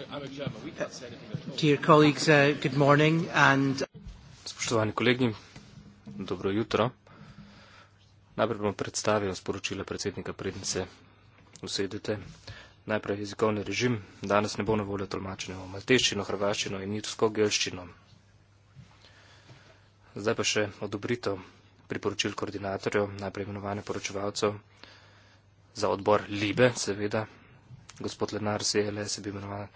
Uh, Spoštovani kolegi, dobro jutro. Najprej bom predstavil sporočila predsednika prednice. Usedite. Najprej jezikovni režim. Danes ne bo na voljo tolmačenje v malteščino, hrvaščino in nitsko gelščino. Zdaj pa še odobrito priporočil koordinatorjev, najprej imenovane poročevalcev za odbor Libe, seveda. Gospod Lenar, CLS je bil imenovan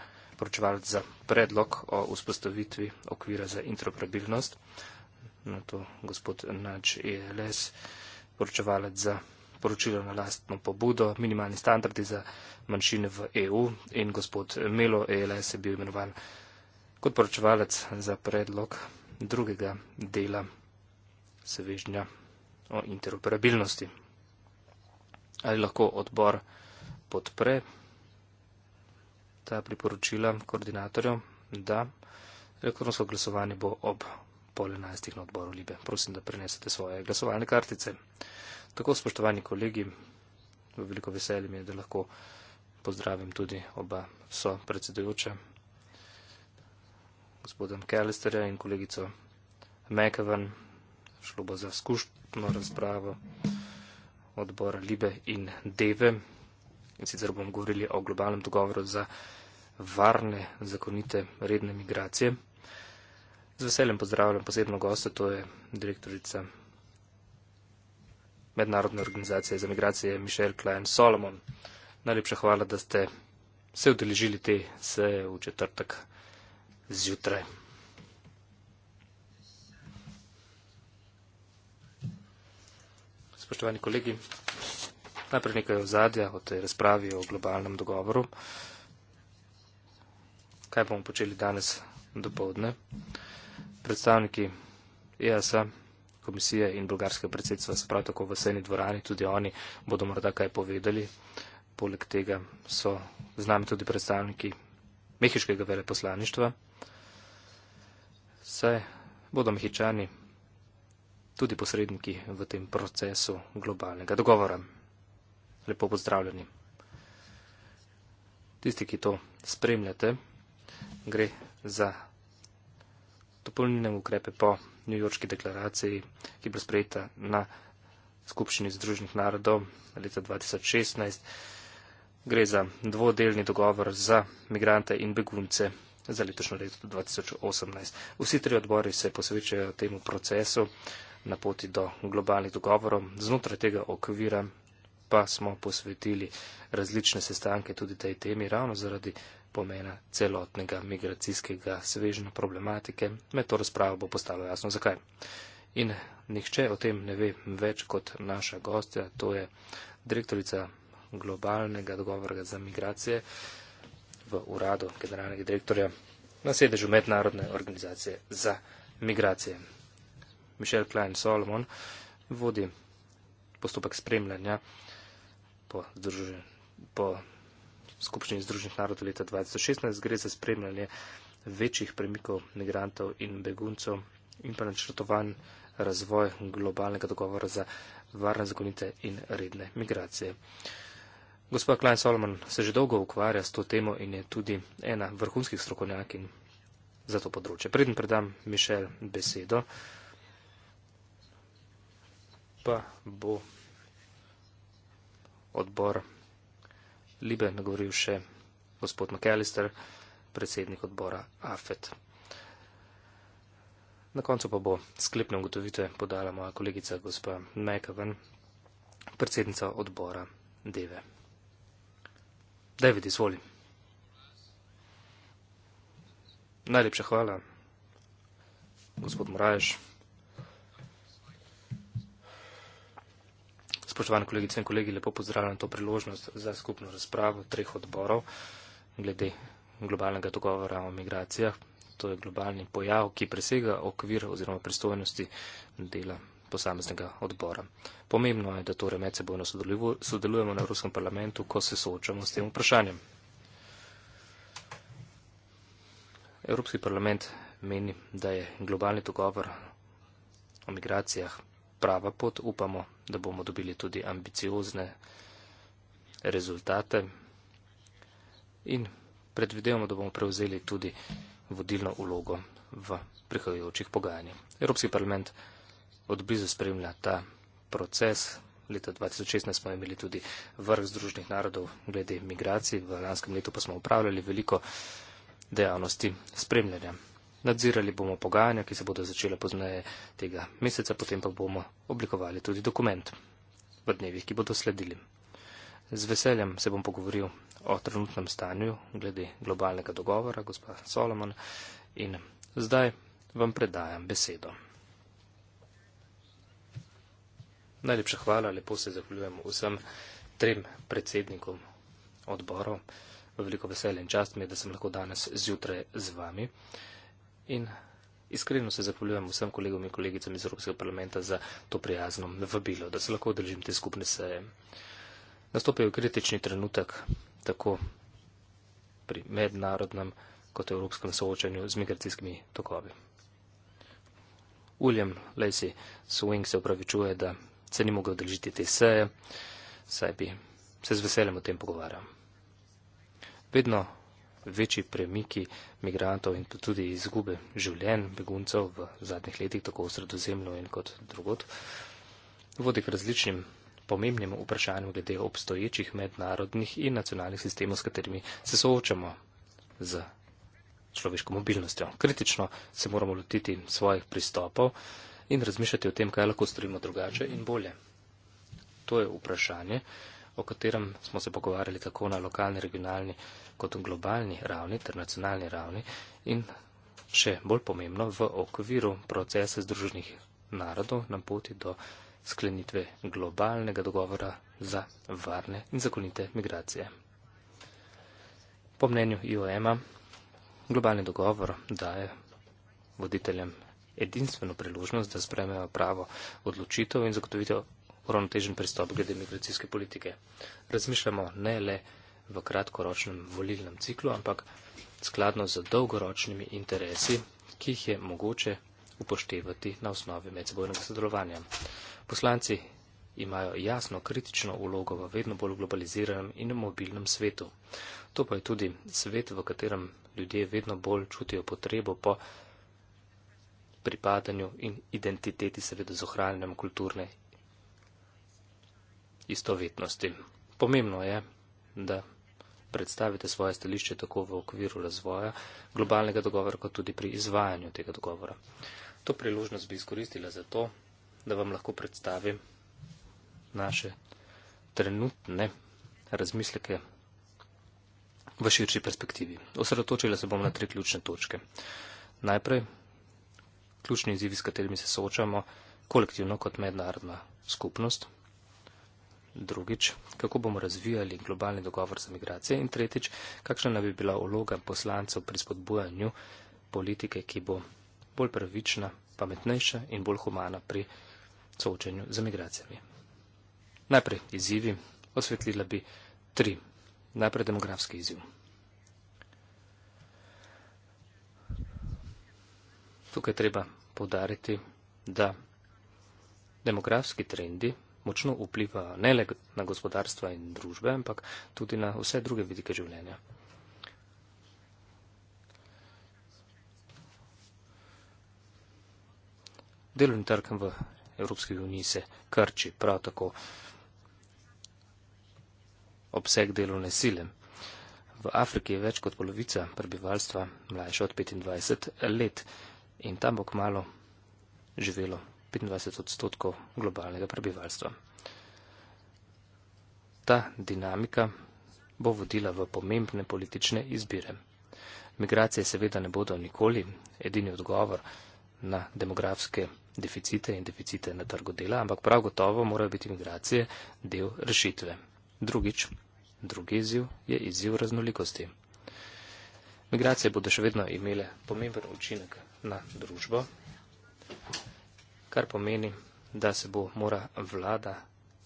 poročevalc za predlog o vzpostavitvi okvira za interoperabilnost. Na to gospod Nač ELS, poročevalec za poročilo na lastno pobudo, minimalni standardi za manjšine v EU in gospod Melo ELS je bil imenovan kot poročevalec za predlog drugega dela svežnja o interoperabilnosti. Ali lahko odbor podpre ta priporočila koordinatorjem, da elektronsko glasovanje bo ob pol enajstih na odboru Libe. Prosim, da prenesete svoje glasovalne kartice. Tako, spoštovani kolegi, v veliko veselje mi je, da lahko pozdravim tudi oba so predsedujoče, gospodem Kellisterja in kolegico Mekevan. Šlo bo za skušno razpravo odbora Libe in Deve in sicer bom govorili o globalnem dogovoru za varne, zakonite, redne migracije. Z veseljem pozdravljam posebno gosta, to je direktorica Mednarodne organizacije za migracije Michelle Klein Solomon. Najlepša hvala, da ste se udeležili te seje v četrtek zjutraj. Spoštovani kolegi, Najprej nekaj v zadnjem, o tej razpravi o globalnem dogovoru. Kaj bomo počeli danes do povdne? Predstavniki EASA, komisije in bolgarske predsedstva so prav tako v vseni dvorani, tudi oni bodo morda kaj povedali. Poleg tega so z nami tudi predstavniki mehiškega veleposlaništva. Vse bodo mehičani tudi posredniki v tem procesu globalnega dogovora. Lepo pozdravljeni. Tisti, ki to spremljate, gre za dopolnilne ukrepe po New Yorkski deklaraciji, ki je bila sprejeta na Skupščini Združenih narodov leta 2016. Gre za dvodelni dogovor za migrante in begunce za letošnjo leto 2018. Vsi tri odbori se posvečajo temu procesu na poti do globalnih dogovorov. Znotraj tega okvira pa smo posvetili različne sestanke tudi tej temi, ravno zaradi pomena celotnega migracijskega svežna problematike. Med to razpravo bo postalo jasno, zakaj. In nihče o tem ne ve več kot naša gostja, to je direktorica globalnega dogovora za migracije v uradu generalnega direktorja na sedežu Mednarodne organizacije za migracije. Mišel Klein Solomon vodi postopek spremljanja po, združen, po skupščini Združenih narodov leta 2016, gre za spremljanje večjih premikov migrantov in beguncov in pa načrtovan razvoj globalnega dogovora za varne, zakonite in redne migracije. Gospa Klein Solomon se že dolgo ukvarja s to temo in je tudi ena vrhunskih strokovnjakin za to področje. Preden predam Mišel besedo, pa bo odbor Libe nagovoril še gospod McAllister, predsednik odbora AFET. Na koncu pa bo sklepne ugotovitve podala moja kolegica gospa McAven, predsednica odbora Deve. David, izvoli. Najlepša hvala, gospod Moraješ. Spoštovani kolegice in kolegi, lepo pozdravljam to priložnost za skupno razpravo treh odborov glede globalnega dogovora o migracijah. To je globalni pojav, ki presega okvir oziroma pristojnosti dela posameznega odbora. Pomembno je, da torej med sebojno sodelujemo na Evropskem parlamentu, ko se soočamo s tem vprašanjem. Evropski parlament meni, da je globalni dogovor o migracijah prava pot, upamo, da bomo dobili tudi ambiciozne rezultate in predvidevamo, da bomo prevzeli tudi vodilno ulogo v prihajajočih pogajanjih. Evropski parlament odblizu spremlja ta proces. Leta 2016 smo imeli tudi vrh Združenih narodov glede migracij, v lanskem letu pa smo upravljali veliko dejavnosti spremljanja nadzirali bomo pogajanja, ki se bodo začela pozneje tega meseca, potem pa bomo oblikovali tudi dokument v dnevih, ki bodo sledili. Z veseljem se bom pogovoril o trenutnem stanju glede globalnega dogovora, gospa Solomon, in zdaj vam predajam besedo. Najlepša hvala, lepo se zahvaljujem vsem trem predsednikom odborov. Veliko veselje in čast mi je, da sem lahko danes zjutraj z vami. Uh, in iskreno se zahvaljujem vsem kolegom in kolegicam iz Evropskega parlamenta za to prijazno vabilo, da se lahko držim te skupne seje. Nastopil je kritični trenutek tako pri mednarodnem kot evropskem soočanju z migracijskimi tokovi. William Lacey Swing se upravičuje, da se ni mogel držiti te seje, saj bi se z veseljem o tem pogovarjal. Vedno večji premiki migrantov in tudi izgube življenj beguncev v zadnjih letih, tako v sredozemlju in kot drugot, vodi k različnim pomembnim vprašanjem glede obstoječih mednarodnih in nacionalnih sistemov, s katerimi se soočamo z človeško mobilnostjo. Kritično se moramo lotiti svojih pristopov in razmišljati o tem, kaj lahko storimo drugače in bolje. To je vprašanje, o katerem smo se pogovarjali tako na lokalni, regionalni kot v globalni ravni ter nacionalni ravni in še bolj pomembno v okviru procesa Združenih narodov na poti do sklenitve globalnega dogovora za varne in zakonite migracije. Po mnenju IOM-a globalni dogovor daje voditeljem edinstveno priložnost, da spremejo pravo odločitev in zagotovitev uravnotežen pristop glede migracijske politike. Razmišljamo ne le v kratkoročnem volilnem ciklu, ampak skladno z dolgoročnimi interesi, ki jih je mogoče upoštevati na osnovi medsebojnega sodelovanja. Poslanci imajo jasno kritično ulogo v vedno bolj globaliziranem in mobilnem svetu. To pa je tudi svet, v katerem ljudje vedno bolj čutijo potrebo po pripadanju in identiteti, seveda z ohranjanjem kulturne istovetnosti. Pomembno je, da predstavite svoje stališče tako v okviru razvoja globalnega dogovora, kot tudi pri izvajanju tega dogovora. To priložnost bi izkoristila za to, da vam lahko predstavim naše trenutne razmisleke v širši perspektivi. Osredotočila se bom na tri ključne točke. Najprej, ključni izzivi, s katerimi se soočamo kolektivno kot mednarodna skupnost – drugič, kako bomo razvijali globalni dogovor za migracije in tretjič, kakšna naj bi bila vloga poslancev pri spodbujanju politike, ki bo bolj pravična, pametnejša in bolj humana pri soočenju z migracijami. Najprej izzivi. Osvetlila bi tri. Najprej demografski izziv. Tukaj treba podariti, da demografski trendi močno vpliva ne le na gospodarstva in družbe, ampak tudi na vse druge vidike življenja. Delovni trg v Evropski uniji se krči, prav tako obseg delovne sile. V Afriki je več kot polovica prebivalstva mlajše od 25 let in tam bo kmalo živelo 25 odstotkov globalnega prebivalstva. Ta dinamika bo vodila v pomembne politične izbire. Migracije seveda ne bodo nikoli edini odgovor na demografske deficite in deficite na trgu dela, ampak prav gotovo morajo biti migracije del rešitve. Drugič, drugi izziv je izziv raznolikosti. Migracije bodo še vedno imele pomemben učinek na družbo kar pomeni, da se bo mora vlada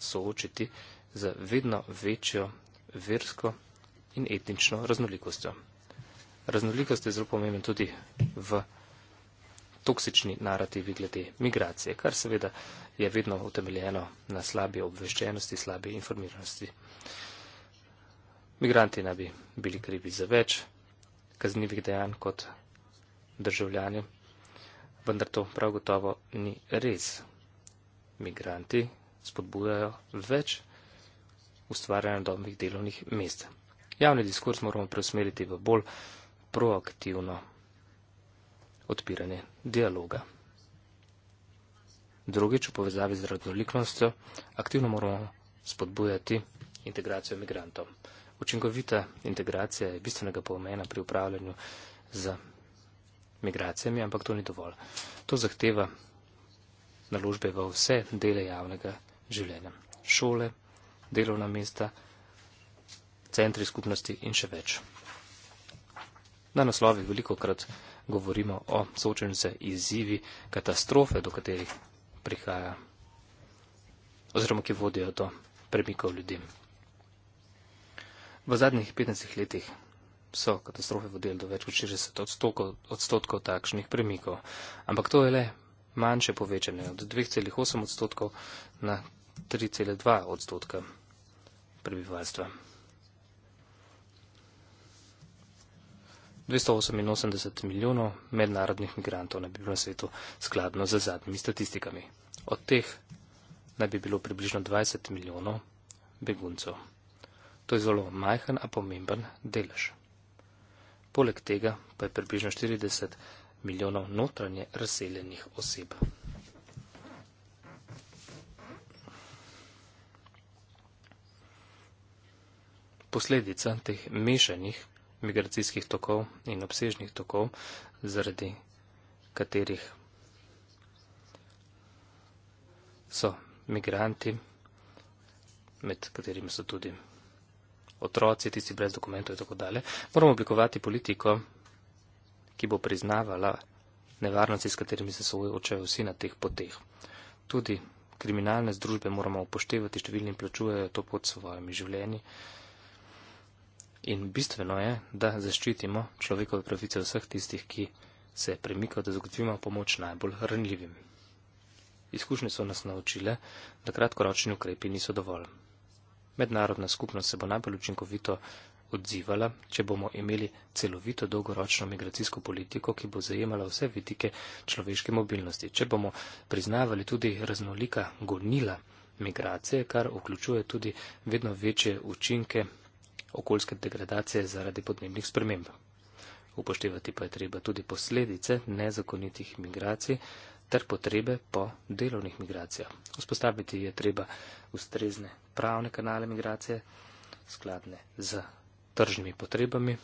soočiti z vedno večjo versko in etnično raznolikostjo. Raznolikost je zelo pomembna tudi v toksični narativi glede migracije, kar seveda je vedno utemeljeno na slabi obveščenosti, slabi informiranosti. Migranti naj bi bili krivi za več kaznivih dejanj kot državljanje vendar to prav gotovo ni res. Migranti spodbujajo več ustvarjanja dobrih delovnih mest. Javni diskurs moramo preusmeriti v bolj proaktivno odpiranje dialoga. Drugič, v povezavi z raznolikostjo, aktivno moramo spodbujati integracijo migrantov. Učinkovita integracija je bistvenega pomena pri upravljanju z migranti migracijami, ampak to ni dovolj. To zahteva naložbe v vse dele javnega življenja. Šole, delovna mesta, centri skupnosti in še več. Na naslovih veliko krat govorimo o soočenju z izzivi katastrofe, do katerih prihaja oziroma ki vodijo do premikov ljudem. V zadnjih 15 letih so katastrofe vodile do več kot 60 odstotkov, odstotkov takšnih premikov. Ampak to je le manjše povečanje od 2,8 odstotkov na 3,2 odstotka prebivalstva. 288 milijonov mednarodnih migrantov naj bi bilo na svetu skladno z zadnjimi statistikami. Od teh naj bi bilo približno 20 milijonov beguncev. To je zelo majhen, a pomemben delež poleg tega pa je približno 40 milijonov notranje razseljenih oseb. Posledica teh mešanih migracijskih tokov in obsežnih tokov, zaradi katerih so migranti, med katerimi so tudi migranti, otroci, tisti brez dokumentov in tako dalje, moramo oblikovati politiko, ki bo priznavala nevarnosti, s katerimi se soočajo vsi na teh poteh. Tudi kriminalne združbe moramo upoštevati, številni plačujejo to pot s svojimi življenji. In bistveno je, da zaščitimo človekove pravice vseh tistih, ki se premikajo, da zagotovimo pomoč najbolj ranljivim. Izkušnje so nas naučile, da kratkoročni ukrepi niso dovolj mednarodna skupnost se bo najbolj učinkovito odzivala, če bomo imeli celovito dolgoročno migracijsko politiko, ki bo zajemala vse vidike človeške mobilnosti, če bomo priznavali tudi raznolika gonila migracije, kar vključuje tudi vedno večje učinke okoljske degradacije zaradi podnebnih sprememb. Upoštevati pa je treba tudi posledice nezakonitih migracij, ter potrebe po delovnih migracijah. Vzpostaviti je treba ustrezne pravne kanale migracije, skladne z tržnimi potrebami,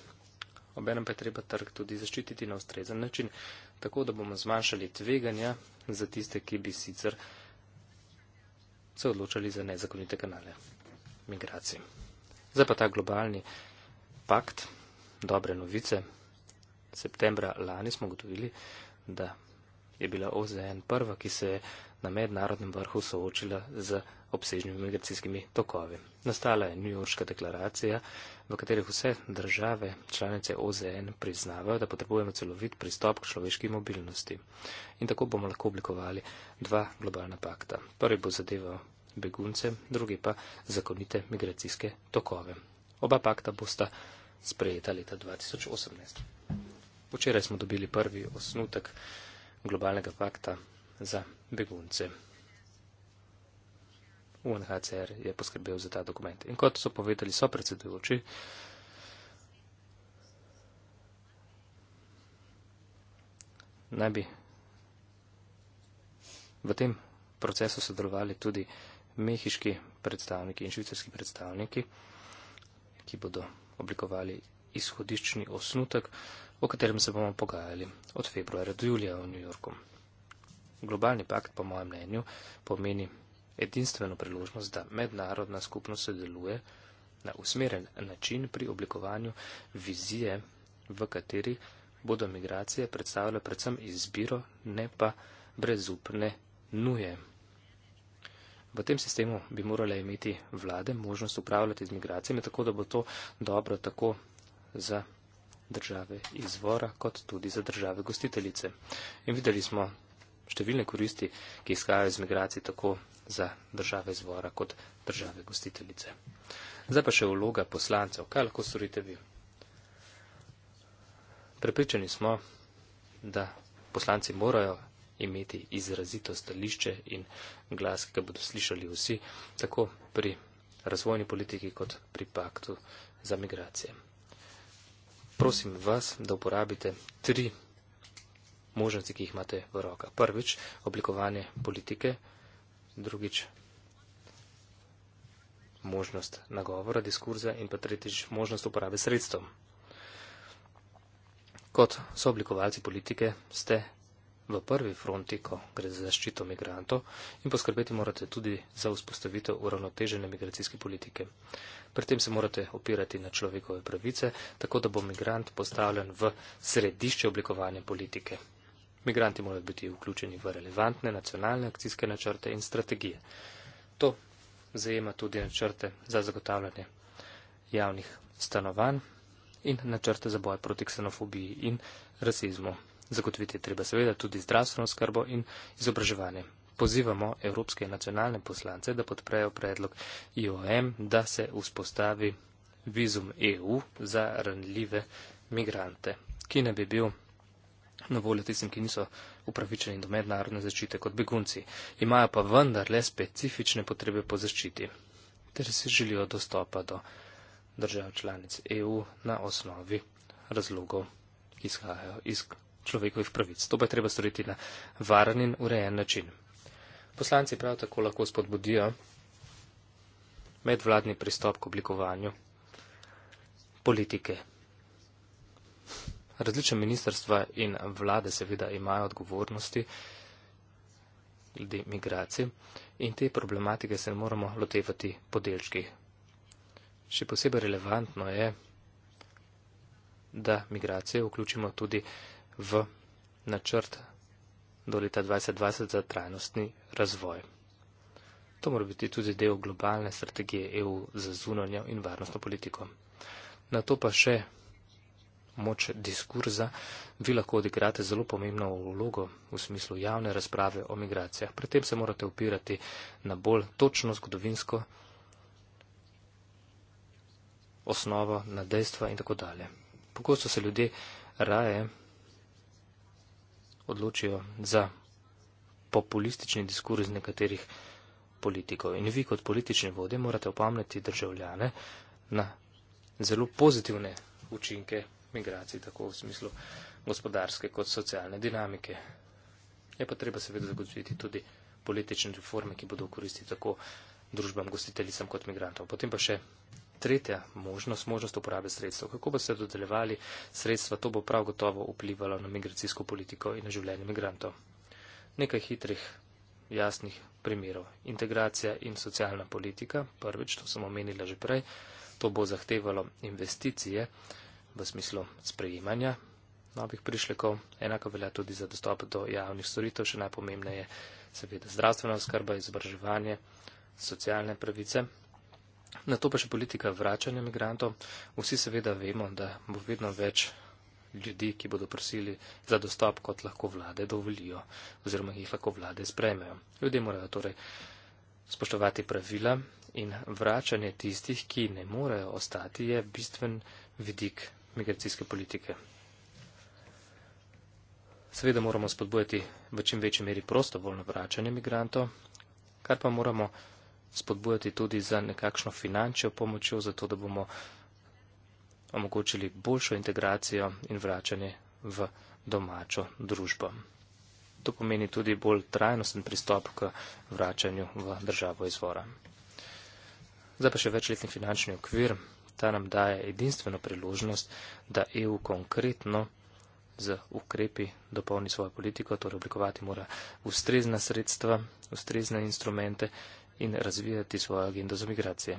obenem pa je treba trg tudi zaščititi na ustrezen način, tako da bomo zmanjšali tveganja za tiste, ki bi sicer se odločali za nezakonite kanale migracij. Zdaj pa ta globalni pakt, dobre novice. Septembra lani smo gotovili, da je bila OZN prva, ki se je na mednarodnem vrhu soočila z obsežnimi migracijskimi tokovi. Nastala je Njujorška deklaracija, v katerih vse države članice OZN priznavajo, da potrebujemo celovit pristop k človeški mobilnosti. In tako bomo lahko oblikovali dva globalna pakta. Prvi bo zadeval begunce, drugi pa zakonite migracijske tokove. Oba pakta bosta sprejeta leta 2018. Včeraj smo dobili prvi osnutek globalnega pakta za begunce. UNHCR je poskrbel za ta dokument. In kot so povedali so predsedujoči, naj bi v tem procesu sodelovali tudi mehiški predstavniki in švicarski predstavniki, ki bodo oblikovali izhodiščni osnutek o katerem se bomo pogajali od februarja do julija v New Yorku. Globalni pakt, po mojem mnenju, pomeni edinstveno priložnost, da mednarodna skupnost sodeluje na usmeren način pri oblikovanju vizije, v kateri bodo migracije predstavljale predvsem izbiro, ne pa brezupne nuje. V tem sistemu bi morale imeti vlade možnost upravljati z migracijami, tako da bo to dobro tako za države izvora, kot tudi za države gostiteljice. In videli smo številne koristi, ki izhajajo iz migracij tako za države izvora, kot države gostiteljice. Zdaj pa še vloga poslancev. Kaj lahko storite vi? Prepričani smo, da poslanci morajo imeti izrazito stališče in glas, ki ga bodo slišali vsi, tako pri razvojni politiki kot pri paktu za migracije prosim vas, da uporabite tri možnosti, ki jih imate v roka. Prvič, oblikovanje politike, drugič, možnost nagovora, diskurza in pa tretjič, možnost uporabe sredstv. Kot sooblikovalci politike ste v prvi fronti, ko gre za zaščito migrantov in poskrbeti morate tudi za vzpostavitev uravnotežene migracijske politike. Pri tem se morate opirati na človekove pravice, tako da bo migrant postavljen v središče oblikovanja politike. Migranti morajo biti vključeni v relevantne nacionalne akcijske načrte in strategije. To zajema tudi načrte za zagotavljanje javnih stanovanj in načrte za boj proti ksenofobiji in rasizmu. Zagotoviti je treba seveda tudi zdravstveno skrbo in izobraževanje. Pozivamo evropske nacionalne poslance, da podprejo predlog IOM, da se vzpostavi vizum EU za ranljive migrante, ki ne bi bil na voljo tistim, ki niso upravičeni do mednarodne zaščite kot begunci. Imajo pa vendar le specifične potrebe po zaščiti, ter si želijo dostopa do držav članic EU na osnovi razlogov, ki izhajajo iz človekovih pravic. To pa je treba storiti na varen in urejen način. Poslanci prav tako lahko spodbudijo medvladni pristop k oblikovanju politike. Različne ministrstva in vlade seveda imajo odgovornosti glede migracij in te problematike se moramo lotevati po delčkih. Še posebej relevantno je, da migracije vključimo tudi v načrt do leta 2020 za trajnostni razvoj. To mora biti tudi del globalne strategije EU za zunanjo in varnostno politiko. Na to pa še moč diskurza, vi lahko odigrate zelo pomembno vlogo v smislu javne razprave o migracijah. Pri tem se morate upirati na bolj točno zgodovinsko osnovo, na dejstva in tako dalje. Pogosto se ljudje raje odločijo za populistični diskurz nekaterih politikov. In vi kot politični vode morate opamljati državljane na zelo pozitivne učinke migracij, tako v smislu gospodarske kot socialne dinamike. Je pa treba seveda zagotoviti tudi politične reforme, ki bodo koristi tako družbam, gostiteljicam kot migrantom. Potem pa še tretja možnost, možnost uporabe sredstev. Kako bo se dodeljevali sredstva, to bo prav gotovo vplivalo na migracijsko politiko in na življenje migrantov. Nekaj hitrih, jasnih primerov. Integracija in socialna politika, prvič, to sem omenila že prej, to bo zahtevalo investicije v smislu sprejemanja novih prišlekov, enako velja tudi za dostop do javnih storitev, še najpomembneje seveda zdravstvena oskrba, izobraževanje, socialne pravice. Na to pa še politika vračanja imigrantov. Vsi seveda vemo, da bo vedno več ljudi, ki bodo prosili za dostop, kot lahko vlade dovolijo oziroma jih lahko vlade sprejmejo. Ljudje morajo torej spoštovati pravila in vračanje tistih, ki ne morejo ostati, je bistven vidik migracijske politike. Seveda moramo spodbojati v čim večji meri prostovoljno vračanje imigrantov, kar pa moramo spodbujati tudi za nekakšno finančno pomočjo, zato da bomo omogočili boljšo integracijo in vračanje v domačo družbo. To pomeni tudi bolj trajnosten pristop k vračanju v državo izvora. Zdaj pa še večletni finančni okvir. Ta nam daje edinstveno priložnost, da EU konkretno z ukrepi dopolni svojo politiko, torej oblikovati mora ustrezna sredstva, ustrezne instrumente in razvijati svojo agendo za migracije.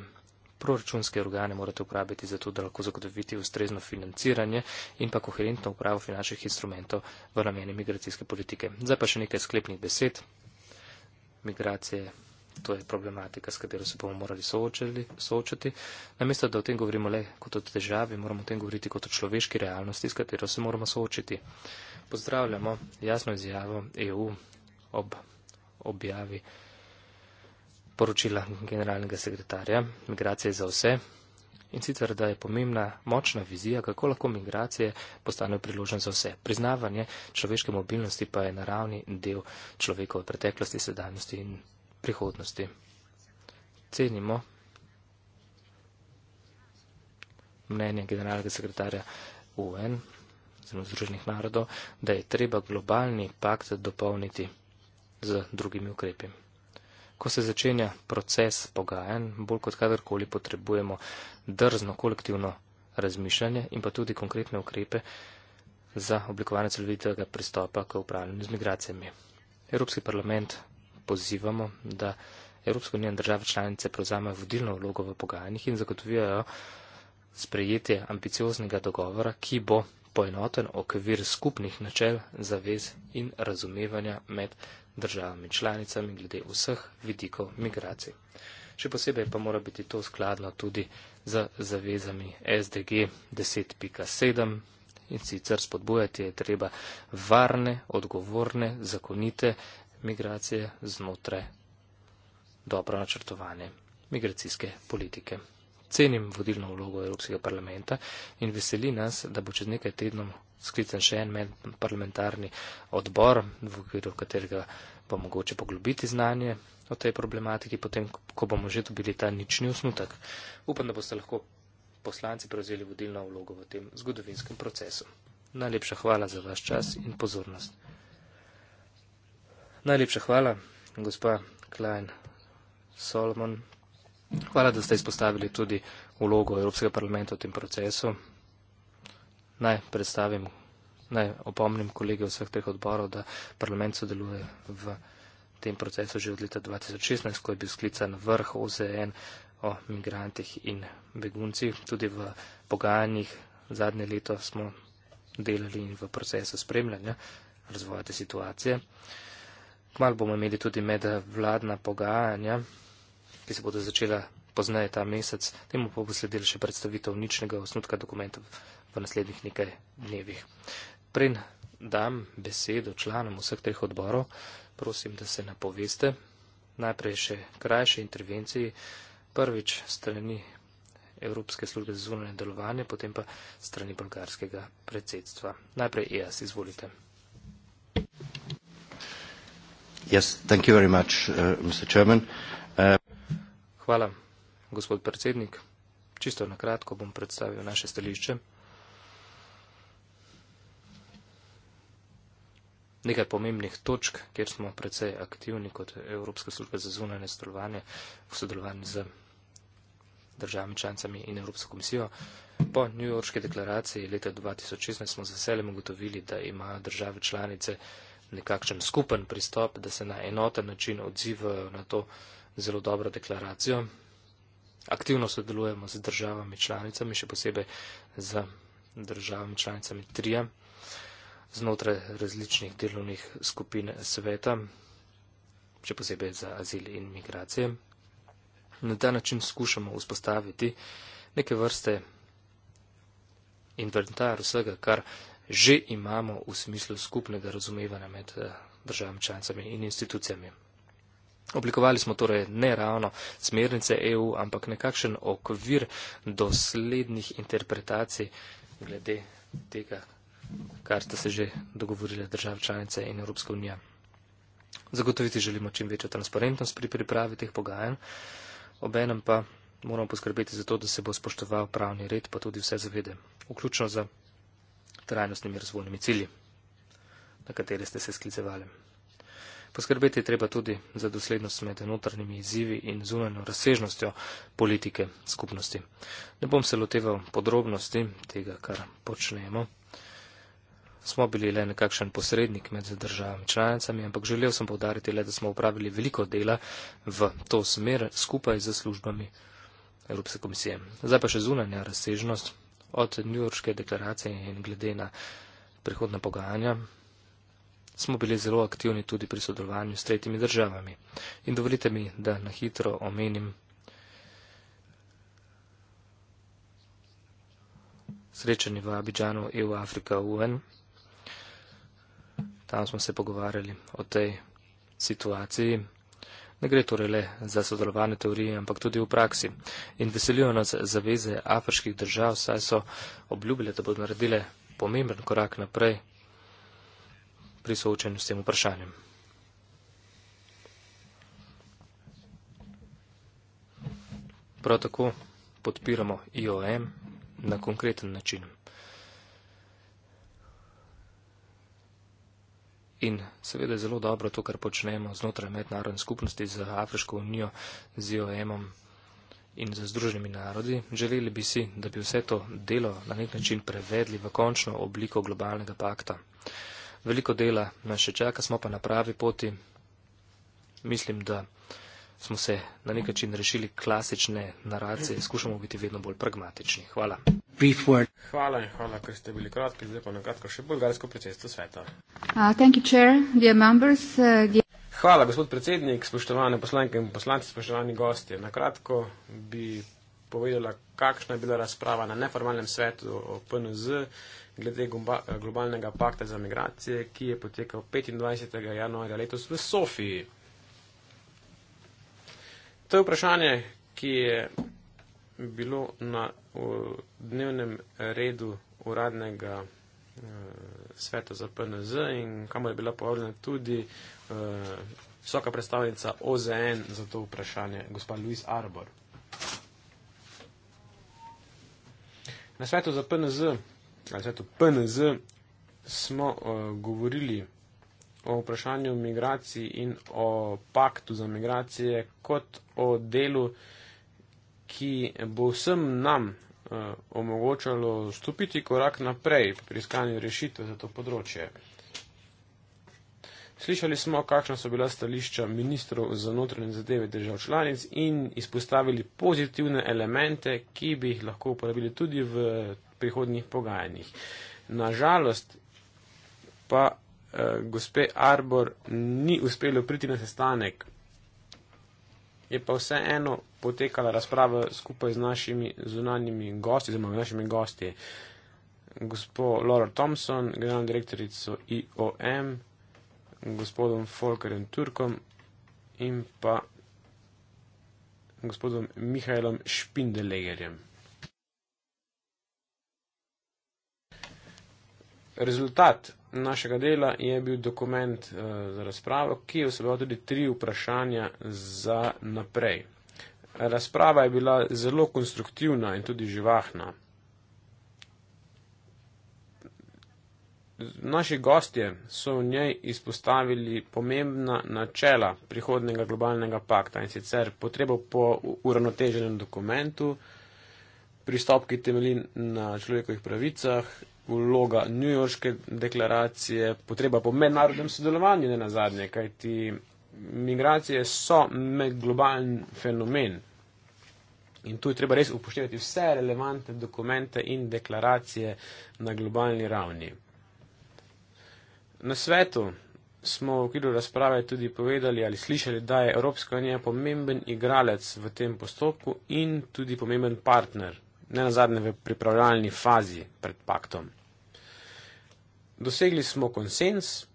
Proračunske organe morate uporabiti zato, da lahko zagotoviti ustrezno financiranje in pa koherentno upravo finančnih instrumentov v namene migracijske politike. Zdaj pa še nekaj sklepnih besed. Migracije, to je problematika, s katero se bomo morali soočali, soočati. Namesto, da o tem govorimo le kot o težavi, moramo o tem govoriti kot o človeški realnosti, s katero se moramo soočiti. Pozdravljamo jasno izjavo EU ob objavi poročila generalnega sekretarja Migracije za vse in sicer, da je pomembna močna vizija, kako lahko migracije postanejo priložen za vse. Priznavanje človeške mobilnosti pa je naravni del človekove preteklosti, sedanjosti in prihodnosti. Cenimo mnenje generalnega sekretarja UN, Združenih narodov, da je treba globalni pakt dopolniti z drugimi ukrepi ko se začenja proces pogajanj, bolj kot kadarkoli potrebujemo drzno kolektivno razmišljanje in pa tudi konkretne ukrepe za oblikovanje celovitega pristopa k upravljanju z migracijami. Evropski parlament pozivamo, da Evropsko unijo in države članice prevzamejo vodilno vlogo v pogajanjih in zagotovijo sprejetje ambicioznega dogovora, ki bo poenoten okvir skupnih načel, zavez in razumevanja med državami članicami glede vseh vidikov migracij. Še posebej pa mora biti to skladno tudi z zavezami SDG 10.7 in sicer spodbujati je treba varne, odgovorne, zakonite migracije znotraj dobro načrtovane migracijske politike cenim vodilno vlogo Evropskega parlamenta in veseli nas, da bo čez nekaj tednov sklican še en parlamentarni odbor, v okviru katerega bo mogoče poglobiti znanje o tej problematiki, potem, ko bomo že dobili ta nični osnutek. Upam, da boste lahko poslanci prevzeli vodilno vlogo v tem zgodovinskem procesu. Najlepša hvala za vaš čas in pozornost. Najlepša hvala, gospa Klein Solomon, Hvala, da ste izpostavili tudi ulogo Evropskega parlamenta v tem procesu. Naj predstavim, naj opomnim kolege vseh teh odborov, da parlament sodeluje v tem procesu že od leta 2016, ko je bil sklican vrh OZN o migrantih in beguncih. Tudi v pogajanjih zadnje leto smo delali in v procesu spremljanja razvoja te situacije. Kmal bomo imeli tudi medvladna pogajanja ki se bodo začela poznaje ta mesec. Temu pa bo sledila še predstavitev ničnega osnutka dokumentov v naslednjih nekaj dnevih. Prej dam besedo članom vseh treh odborov, prosim, da se napoveste. Najprej še krajše intervencije, prvič strani Evropske službe za zunanje delovanje, potem pa strani bolgarskega predsedstva. Najprej EAS, izvolite. Yes, thank you very much, uh, Mr. Chairman. Uh... Hvala, gospod predsednik. Čisto na kratko bom predstavil naše stališče. Nekaj pomembnih točk, kjer smo predvsej aktivni kot Evropska služba za zunanje sodelovanje v sodelovanju z državami člancami in Evropsko komisijo. Po New Yorkski deklaraciji leta 2016 smo z veseljem ugotovili, da imajo države članice nekakšen skupen pristop, da se na enoten način odzivajo na to, zelo dobro deklaracijo. Aktivno sodelujemo z državami članicami, še posebej z državami članicami trija, znotraj različnih delovnih skupin sveta, še posebej za azil in migracije. Na ta način skušamo vzpostaviti neke vrste inventar vsega, kar že imamo v smislu skupnega razumevanja med eh, državami članicami in institucijami. Oblikovali smo torej ne ravno smernice EU, ampak nekakšen okvir doslednih interpretacij glede tega, kar ste se že dogovorili države članice in Evropska unija. Zagotoviti želimo čim večjo transparentnost pri pripravi teh pogajanj, obenem pa moramo poskrbeti za to, da se bo spoštoval pravni red, pa tudi vse zavede, vključno z trajnostnimi razvojnimi cilji, na katere ste se sklicevali. Poskrbeti je treba tudi za doslednost med notrnimi izzivi in zunanjo razsežnostjo politike skupnosti. Ne bom se loteval podrobnosti tega, kar počnemo. Smo bili le nekakšen posrednik med državami članicami, ampak želel sem povdariti le, da smo upravili veliko dela v to smer skupaj z službami Evropske komisije. Zdaj pa še zunanja razsežnost od njurške deklaracije in glede na prihodna pogajanja, smo bili zelo aktivni tudi pri sodelovanju s tretjimi državami. In dovolite mi, da na hitro omenim srečanje v Abidžanu EU Afrika UN. Tam smo se pogovarjali o tej situaciji. Ne gre torej le za sodelovanje teorije, ampak tudi v praksi. In veselijo nas zaveze afriških držav, saj so obljubile, da bodo naredile pomemben korak naprej prisočen s tem vprašanjem. Prav tako podpiramo IOM na konkreten način. In seveda je zelo dobro to, kar počnemo znotraj mednarodne skupnosti z Afriško unijo, z IOM-om in z Združenimi narodi. Želeli bi si, da bi vse to delo na nek način prevedli v končno obliko globalnega pakta veliko dela nas še čaka, smo pa na pravi poti. Mislim, da smo se na nek način rešili klasične naracije, skušamo biti vedno bolj pragmatični. Hvala. Hvala in hvala, ker ste bili kratki, zdaj pa nekako še bolgarsko predsedstvo sveta. Uh, uh, hvala, gospod predsednik, spoštovane poslanke in poslanci, spoštovani gostje. Na kratko bi povedala, kakšna je bila razprava na neformalnem svetu o PNZ glede gomba, eh, globalnega pakta za migracije, ki je potekal 25. januarja letos v Sofiji. To je vprašanje, ki je bilo na dnevnem redu uradnega eh, sveta za PNZ in kamor je bila povoljena tudi eh, visoka predstavnica OZN za to vprašanje, gospod Luis Arbor. Na svetu za PNZ ali svetu PNZ, smo uh, govorili o vprašanju migracij in o paktu za migracije kot o delu, ki bo vsem nam uh, omogočalo stopiti korak naprej pri iskanju rešitve za to področje. Slišali smo, kakšna so bila stališča ministrov za notranje zadeve držav članic in izpostavili pozitivne elemente, ki bi jih lahko uporabili tudi v prihodnih pogajanjih. Nažalost pa eh, gospe Arbor ni uspelo priti na sestanek, je pa vseeno potekala razprava skupaj z našimi zunanjimi gosti, oziroma našimi gosti, gospod Laura Thompson, generalno direktorico IOM, gospodom Folkerjem Turkom in pa gospodom Mihajlom Špindelegerjem. Rezultat našega dela je bil dokument uh, za razpravo, ki je vseboval tudi tri vprašanja za naprej. Razprava je bila zelo konstruktivna in tudi živahna. Naši gostje so v njej izpostavili pomembna načela prihodnega globalnega pakta in sicer potrebo po uravnoteženem dokumentu, pristop, ki temeli na človekovih pravicah vloga Njujorške deklaracije, potreba po mednarodnem sodelovanju, ne na zadnje, kajti migracije so medglobalen fenomen. In tu je treba res upoštevati vse relevante dokumente in deklaracije na globalni ravni. Na svetu smo v okviru razprave tudi povedali ali slišali, da je Evropska unija pomemben igralec v tem postopku in tudi pomemben partner ne nazadnje v pripravljalni fazi pred paktom. Dosegli smo konsens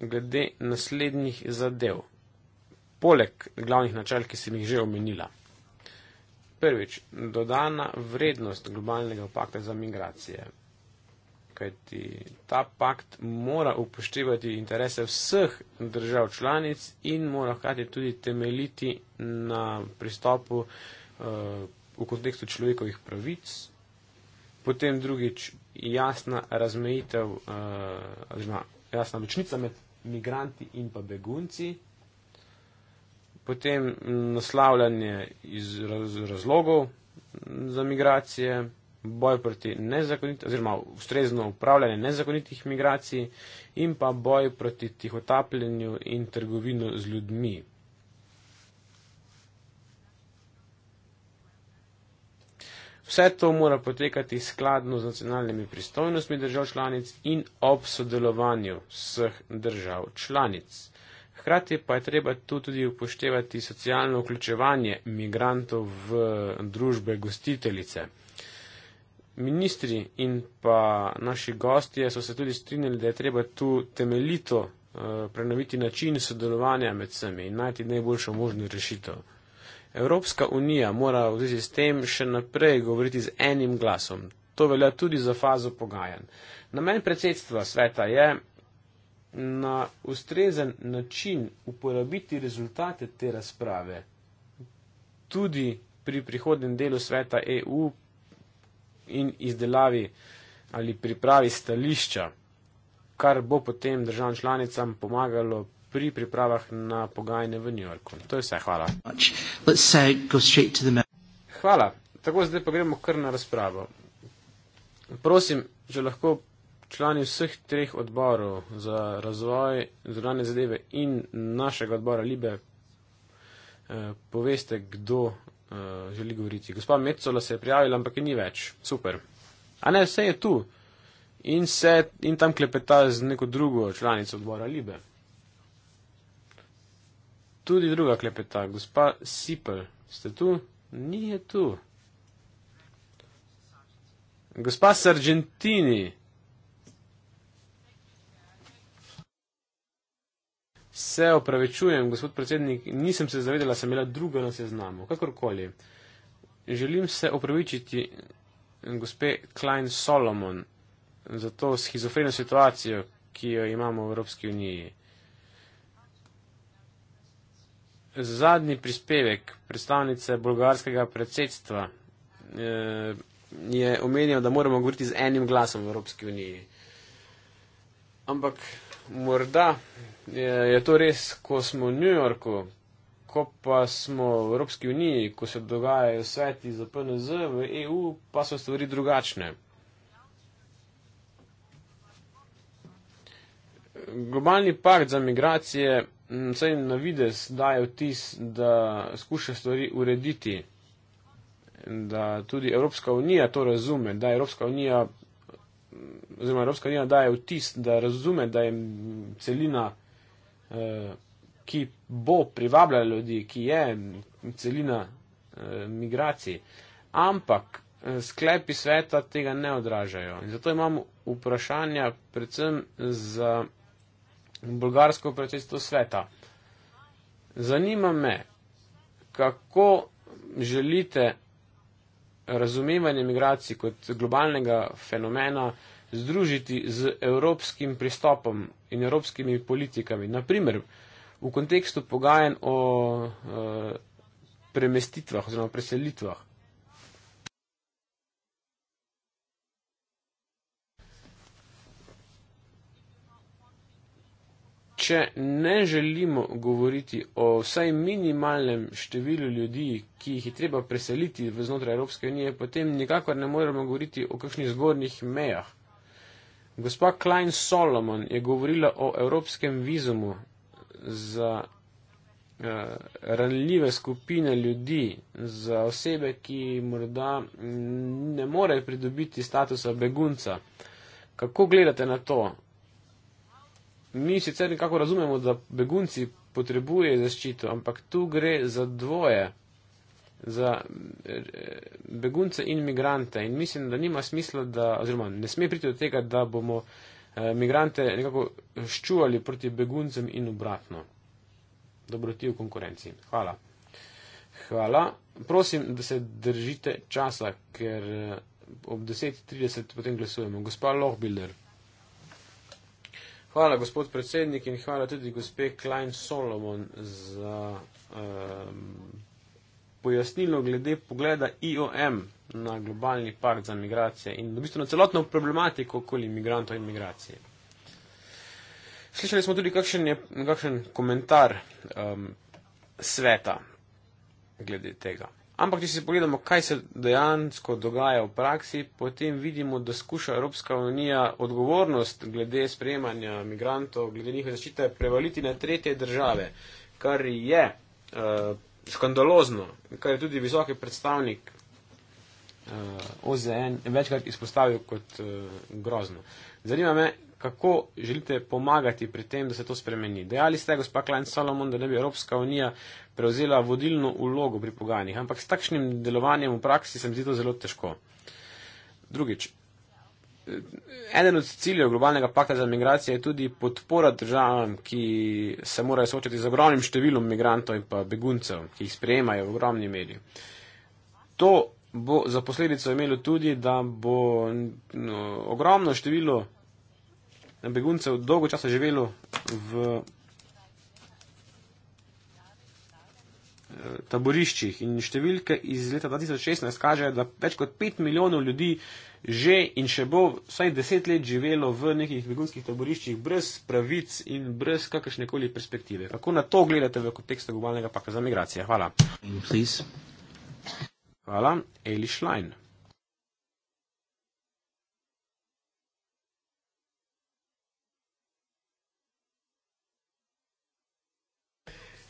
glede naslednjih zadev, poleg glavnih načel, ki sem jih že omenila. Prvič, dodana vrednost globalnega pakta za migracije, kajti ta pakt mora upoštevati interese vseh držav članic in mora hkrati tudi temeljiti na pristopu uh, v kontekstu človekovih pravic, potem drugič jasna razmejitev eh, oziroma uh, jasna ločnica med migranti in pa begunci, potem naslavljanje iz raz, razlogov za migracije, boj proti nezakonitim oziroma ustrezno upravljanje nezakonitih migracij in pa boj proti tihotapljenju in trgovino z ljudmi. Vse to mora potekati skladno z nacionalnimi pristojnostmi držav članic in ob sodelovanju vseh držav članic. Hkrati pa je treba tu tudi upoštevati socialno vključevanje migrantov v družbe gostiteljice. Ministri in pa naši gostje so se tudi strinjali, da je treba tu temeljito uh, prenoviti način sodelovanja med vsemi in najti najboljšo možno rešitev. Evropska unija mora v zvezi s tem še naprej govoriti z enim glasom. To velja tudi za fazo pogajanj. Namen predsedstva sveta je na ustrezen način uporabiti rezultate te razprave tudi pri prihodnem delu sveta EU in izdelavi ali pripravi stališča, kar bo potem državam članicam pomagalo pri pripravah na pogajanje v New Yorku. To je vse, hvala. Uh, hvala, tako zdaj pa gremo kar na razpravo. Prosim, če lahko člani vseh treh odborov za razvoj zunanje zadeve in našega odbora Libe eh, poveste, kdo eh, želi govoriti. Gospa Metzola se je prijavila, ampak je ni več. Super. A ne, vse je tu. In, se, in tam klepeta z neko drugo članico odbora Libe tudi druga klepeta. Gospa Sipel, ste tu? Ni je tu. Gospa Sargentini. Se opravičujem, gospod predsednik, nisem se zavedela, sem bila druga na seznamu. Kakorkoli. Želim se opravičiti gospe Klein Solomon za to schizofreno situacijo, ki jo imamo v Evropski uniji. Zadnji prispevek predstavnice bolgarskega predsedstva eh, je omenjal, da moramo govoriti z enim glasom v Evropski uniji. Ampak morda je to res, ko smo v New Yorku, ko pa smo v Evropski uniji, ko se dogajajo sveti za PNZ v EU, pa so stvari drugačne. Globalni pakt za migracije Vsaj mm, na vides daje vtis, da skuša stvari urediti, da tudi Evropska unija to razume, da Evropska unija, oziroma Evropska unija daje vtis, da razume, da je celina, eh, ki bo privabljala ljudi, ki je celina eh, migracij. Ampak eh, sklepi sveta tega ne odražajo. In zato imamo vprašanja predvsem za bolgarsko predsedstvo sveta. Zanima me, kako želite razumevanje migracij kot globalnega fenomena združiti z evropskim pristopom in evropskimi politikami. Naprimer, v kontekstu pogajanj o e, premestitvah oziroma preselitvah. če ne želimo govoriti o vsaj minimalnem številu ljudi, ki jih je treba preseliti v znotraj Evropske unije, potem nikakor ne moremo govoriti o kakšnih zgornjih mejah. Gospa Klein Solomon je govorila o evropskem vizumu za uh, ranljive skupine ljudi, za osebe, ki morda ne morejo pridobiti statusa begunca. Kako gledate na to? Mi sicer nekako razumemo, da begunci potrebujejo zaščito, ampak tu gre za dvoje, za eh, begunce in migrante. In mislim, da nima smisla, da, oziroma ne sme priti do tega, da bomo eh, migrante nekako ščuvali proti beguncem in obratno. Dobroti v konkurenci. Hvala. Hvala. Prosim, da se držite časa, ker eh, ob 10.30 potem glasujemo. Gospa Lohbilder. Hvala, gospod predsednik, in hvala tudi gospe Klein Solomon za um, pojasnilo glede pogleda IOM na globalni park za migracije in v bistvu na celotno problematiko okoli imigrantov in migracije. Slišali smo tudi, kakšen je kakšen komentar um, sveta glede tega. Ampak, če si pogledamo, kaj se dejansko dogaja v praksi, potem vidimo, da skuša Evropska unija odgovornost glede sprejemanja migrantov, glede njihove zaščite, prevaliti na tretje države, kar je uh, škandalozno, kar je tudi visoki predstavnik uh, eh, OZN večkrat izpostavil kot uh, grozno. Zanima me, kako želite pomagati pri tem, da se to spremeni. Dejali ste, gospa Klein Salomon, da ne bi Evropska unija prevzela vodilno ulogo pri pogajanjih, ampak s takšnim delovanjem v praksi se mi zdi to zelo težko. Drugič, eden od ciljev globalnega pakta za migracije je tudi podpora državam, ki se morajo soočati z ogromnim številom migrantov in pa beguncev, ki jih sprejemajo v ogromni meri. To bo za posledico imelo tudi, da bo no, ogromno število beguncev dolgo časa živelo v eh, taboriščih in številke iz leta 2016 kaže, da več kot 5 milijonov ljudi že in še bo vsaj 10 let živelo v nekih begunskih taboriščih brez pravic in brez kakršne koli perspektive. Kako na to gledate v kontekstu globalnega paka za migracije? Hvala. Hvala, Eli Schlein.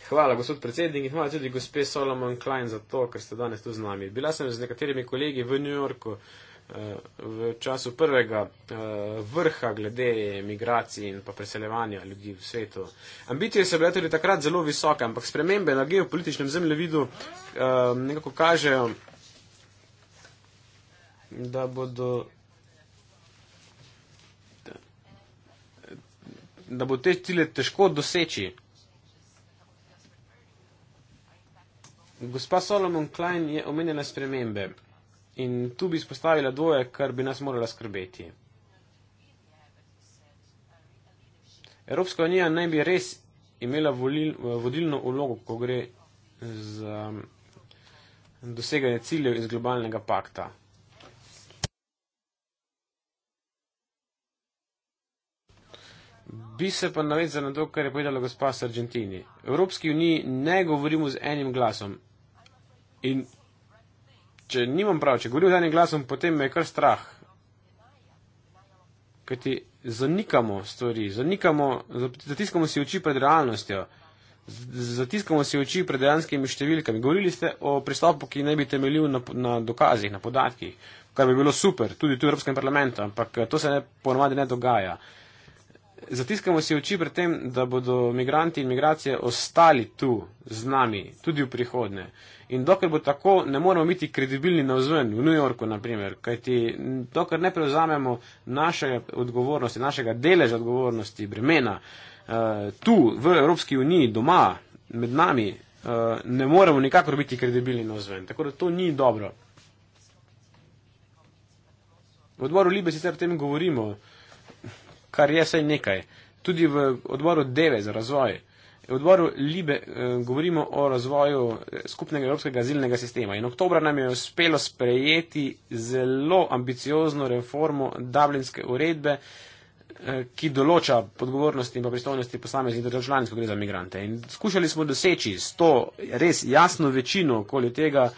Hvala, gospod predsednik, in hvala tudi gospe Solomon Klein za to, ker ste danes tu z nami. Bila sem z nekaterimi kolegi v New Yorku eh, v času prvega eh, vrha glede migracij in pa preseljevanja ljudi v svetu. Ambicije so bile tudi takrat zelo visoke, ampak spremembe na geopolitičnem zemljevidu eh, nekako kažejo, da bodo. Da bo te cilje težko doseči, Gospa Solomon Klein je omenjena spremembe in tu bi spostavila dvoje, kar bi nas morala skrbeti. Evropska unija naj bi res imela volil, vodilno ulogo, ko gre za doseganje ciljev iz globalnega pakta. Bi se pa navezala na to, kar je povedala gospa Sargentini. Evropski uniji ne govorimo z enim glasom. In če nimam prav, če govorim z enim glasom, potem me je kar strah. Ker ti zanikamo stvari, zanikamo, zatiskamo si oči pred realnostjo, zatiskamo si oči pred dejanskimi številkami. Govorili ste o pristopu, ki naj bi temeljil na, na dokazih, na podatkih, kar bi bilo super, tudi tu v Evropskem parlamentu, ampak eh, to se ne, ponovadi ne dogaja. Uh, zatiskamo si oči pred tem, da bodo migranti in migracije ostali tu z nami, tudi v prihodnje. In dokler bo tako, ne moramo biti kredibilni na vzven, v New Yorku naprimer, kajti dokler ne prevzamemo naše odgovornosti, našega deleža odgovornosti, bremena, eh, tu v Evropski uniji, doma, med nami, eh, ne moramo nikakor biti kredibilni na vzven. Tako da to ni dobro. V odboru Libe sicer o tem govorimo, kar je vsaj nekaj. Tudi v odboru Deve za razvoj. V odboru Libe eh, govorimo o razvoju eh, skupnega evropskega azilnega sistema. In oktobra nam je uspelo sprejeti zelo ambiciozno reformo Dublinske uredbe, eh, ki določa podgovornosti in pristojnosti posameznih držav članic, ko gre za migrante. In skušali smo doseči s to res jasno večino okoli tega,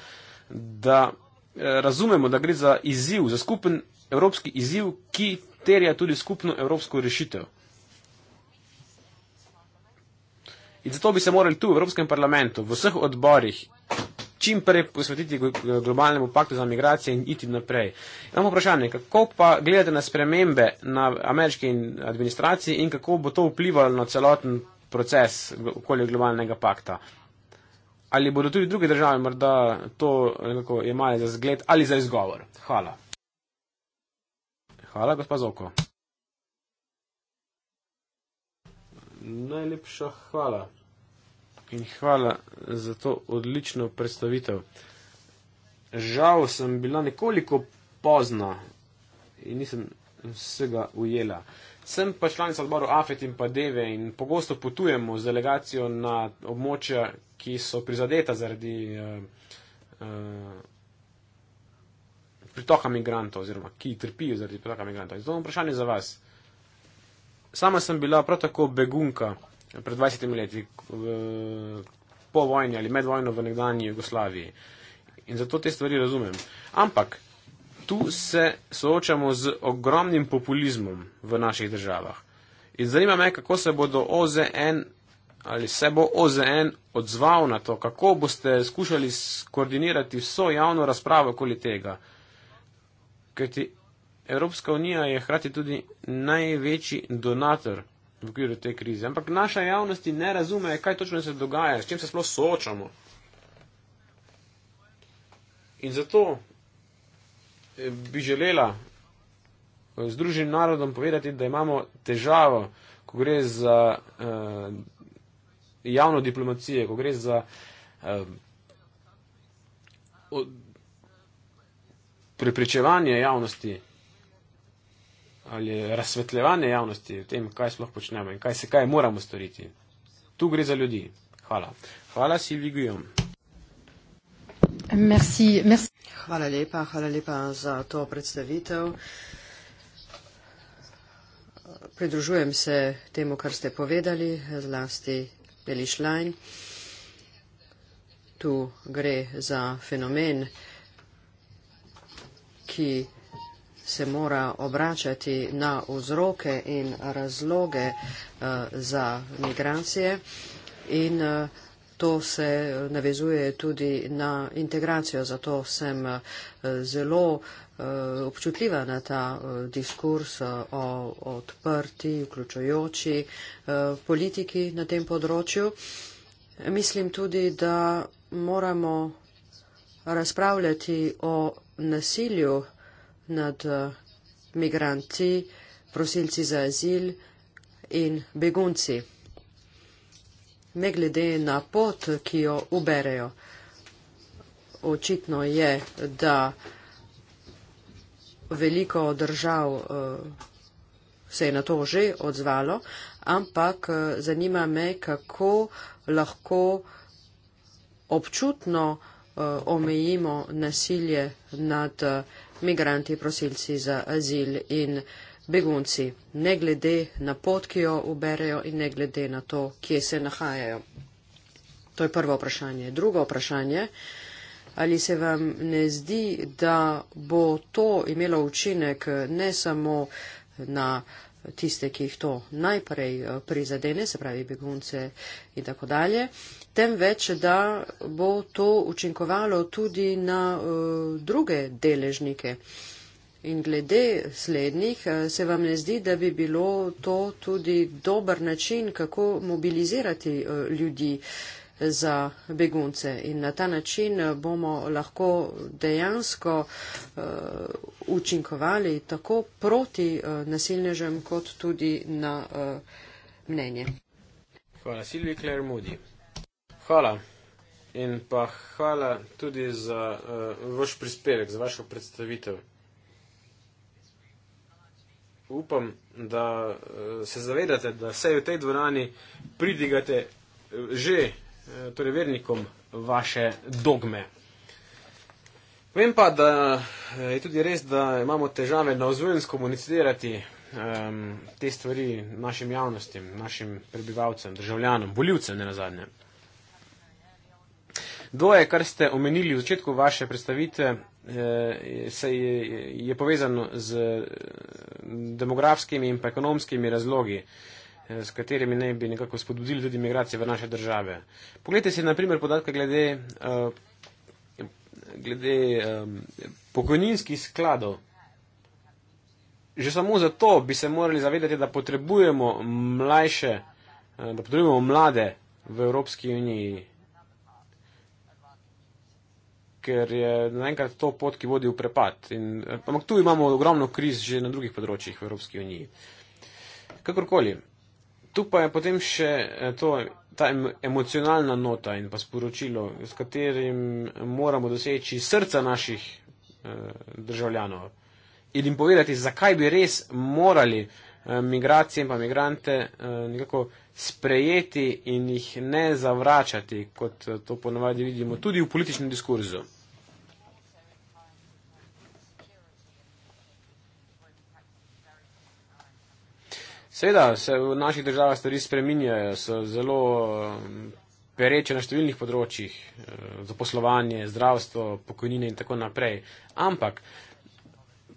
da razumemo, da gre za izziv, za skupen evropski izziv, ki terja tudi skupno evropsko rešitev. In zato bi se morali tu v Evropskem parlamentu, v vseh odborih, čim prej posvetiti globalnemu paktu za migracije in iti naprej. Imamo vprašanje, kako pa gledate na spremembe na ameriški administraciji in kako bo to vplivalo na celoten proces okolje globalnega pakta? Ali bodo tudi druge države morda to nekako imale za zgled ali za izgovor? Hvala. Hvala, gospod Zoko. Najlepša hvala. In hvala za to odlično predstavitev. Žal sem bila nekoliko pozna in nisem vsega ujela. Sem pa članica odboru AFET in pa DEVE in pogosto potujemo z delegacijo na območja, ki so prizadeta zaradi. Uh, uh, pritoka imigrantov, oziroma ki trpijo zaradi pritoka imigrantov. Zato imam vprašanje za vas. Sama sem bila prav tako begunka pred 20 leti, v, po vojni ali med vojno v nekdanji Jugoslaviji. In zato te stvari razumem. Ampak tu se soočamo z ogromnim populizmom v naših državah. In zanima me, kako se bodo OZN ali se bo OZN odzval na to, kako boste skušali skoordinirati vso javno razpravo okoli tega kajti Evropska unija je hkrati tudi največji donator v okviru te krize. Ampak naša javnosti ne razume, kaj točno se dogaja, s čim se sploh soočamo. In zato eh, bi želela eh, združenim narodom povedati, da imamo težavo, ko gre za uh, javno diplomacijo, ko gre za uh, od, prepričevanje javnosti ali razsvetljevanje javnosti o tem, kaj sploh počnemo in kaj se kaj moramo storiti. Tu gre za ljudi. Hvala. Hvala, Silvi Gujom. Merci, merci. Hvala lepa, hvala lepa za to predstavitev. Pridružujem se temu, kar ste povedali, zlasti Belišlajn. Tu gre za fenomen ki se mora obračati na vzroke in razloge eh, za migracije in eh, to se navezuje tudi na integracijo, zato sem eh, zelo občutljiva na ta diskurs o odprti, vključujoči politiki na tem področju. Mislim tudi, da moramo razpravljati o nasilju nad uh, migranti, prosilci za azil in begunci, ne glede na pot, ki jo uberejo. Očitno je, da veliko držav uh, se je na to že odzvalo, ampak uh, zanima me, kako lahko občutno uh, Eh, omejimo nasilje nad eh, migranti, prosilci za azil in begunci, ne glede na pot, ki jo uberejo in ne glede na to, kje se nahajajo. To je prvo vprašanje. Drugo vprašanje. Ali se vam ne zdi, da bo to imelo učinek ne samo na uh, tiste, ki jih to najprej eh, prizadene, se pravi begunce in tako dalje, temveč, da bo to učinkovalo tudi na uh, druge deležnike. In glede slednjih, eh, se vam ne zdi, da bi bilo to tudi dober način, kako mobilizirati uh, ljudi? Uh, za begunce. In na ta način bomo lahko dejansko uh, učinkovali tako proti uh, nasilnežem, kot tudi na uh, mnenje. Hvala, Silvi Kler Mudi. Hvala. In pa hvala tudi za uh, vaš prispevek, za vašo predstavitev. Upam, da uh, se zavedate, da se v tej dvorani pridigate že Eh, torej vernikom vaše dogme. Vem pa, da eh, je tudi res, da imamo težave na ozvojen skomunicirati um, ehm, te stvari našim javnostim, našim prebivalcem, državljanom, boljivcem ne nazadnje. Dvoje, kar ste omenili v začetku vaše predstavitve, eh, se je, je povezano z demografskimi in pa ekonomskimi razlogi. Eh, s katerimi naj bi nekako spodbudili tudi migracije v naše države. Poglejte si naprimer podatke glede, uh, glede um, pokojninskih skladov. Že samo zato bi se morali zavedati, da potrebujemo mlajše, uh, da potrebujemo mlade v Evropski uniji, ker je naenkrat to pot, ki vodi v prepad. In, ampak tu imamo ogromno kriz že na drugih področjih v Evropski uniji. Kakorkoli tu pa je potem še eh, to, ta emocionalna nota in pa sporočilo, s katerim moramo doseči srca naših eh, državljanov in jim povedati, zakaj bi res morali eh, migracije in pa migrante nekako sprejeti in jih ne zavračati, kot to ponovadi vidimo tudi v političnem diskurzu. Seveda se v naših državah stvari spreminjajo, so zelo um, pereče na številnih področjih, uh, zaposlovanje, zdravstvo, pokojnine in tako naprej. Ampak,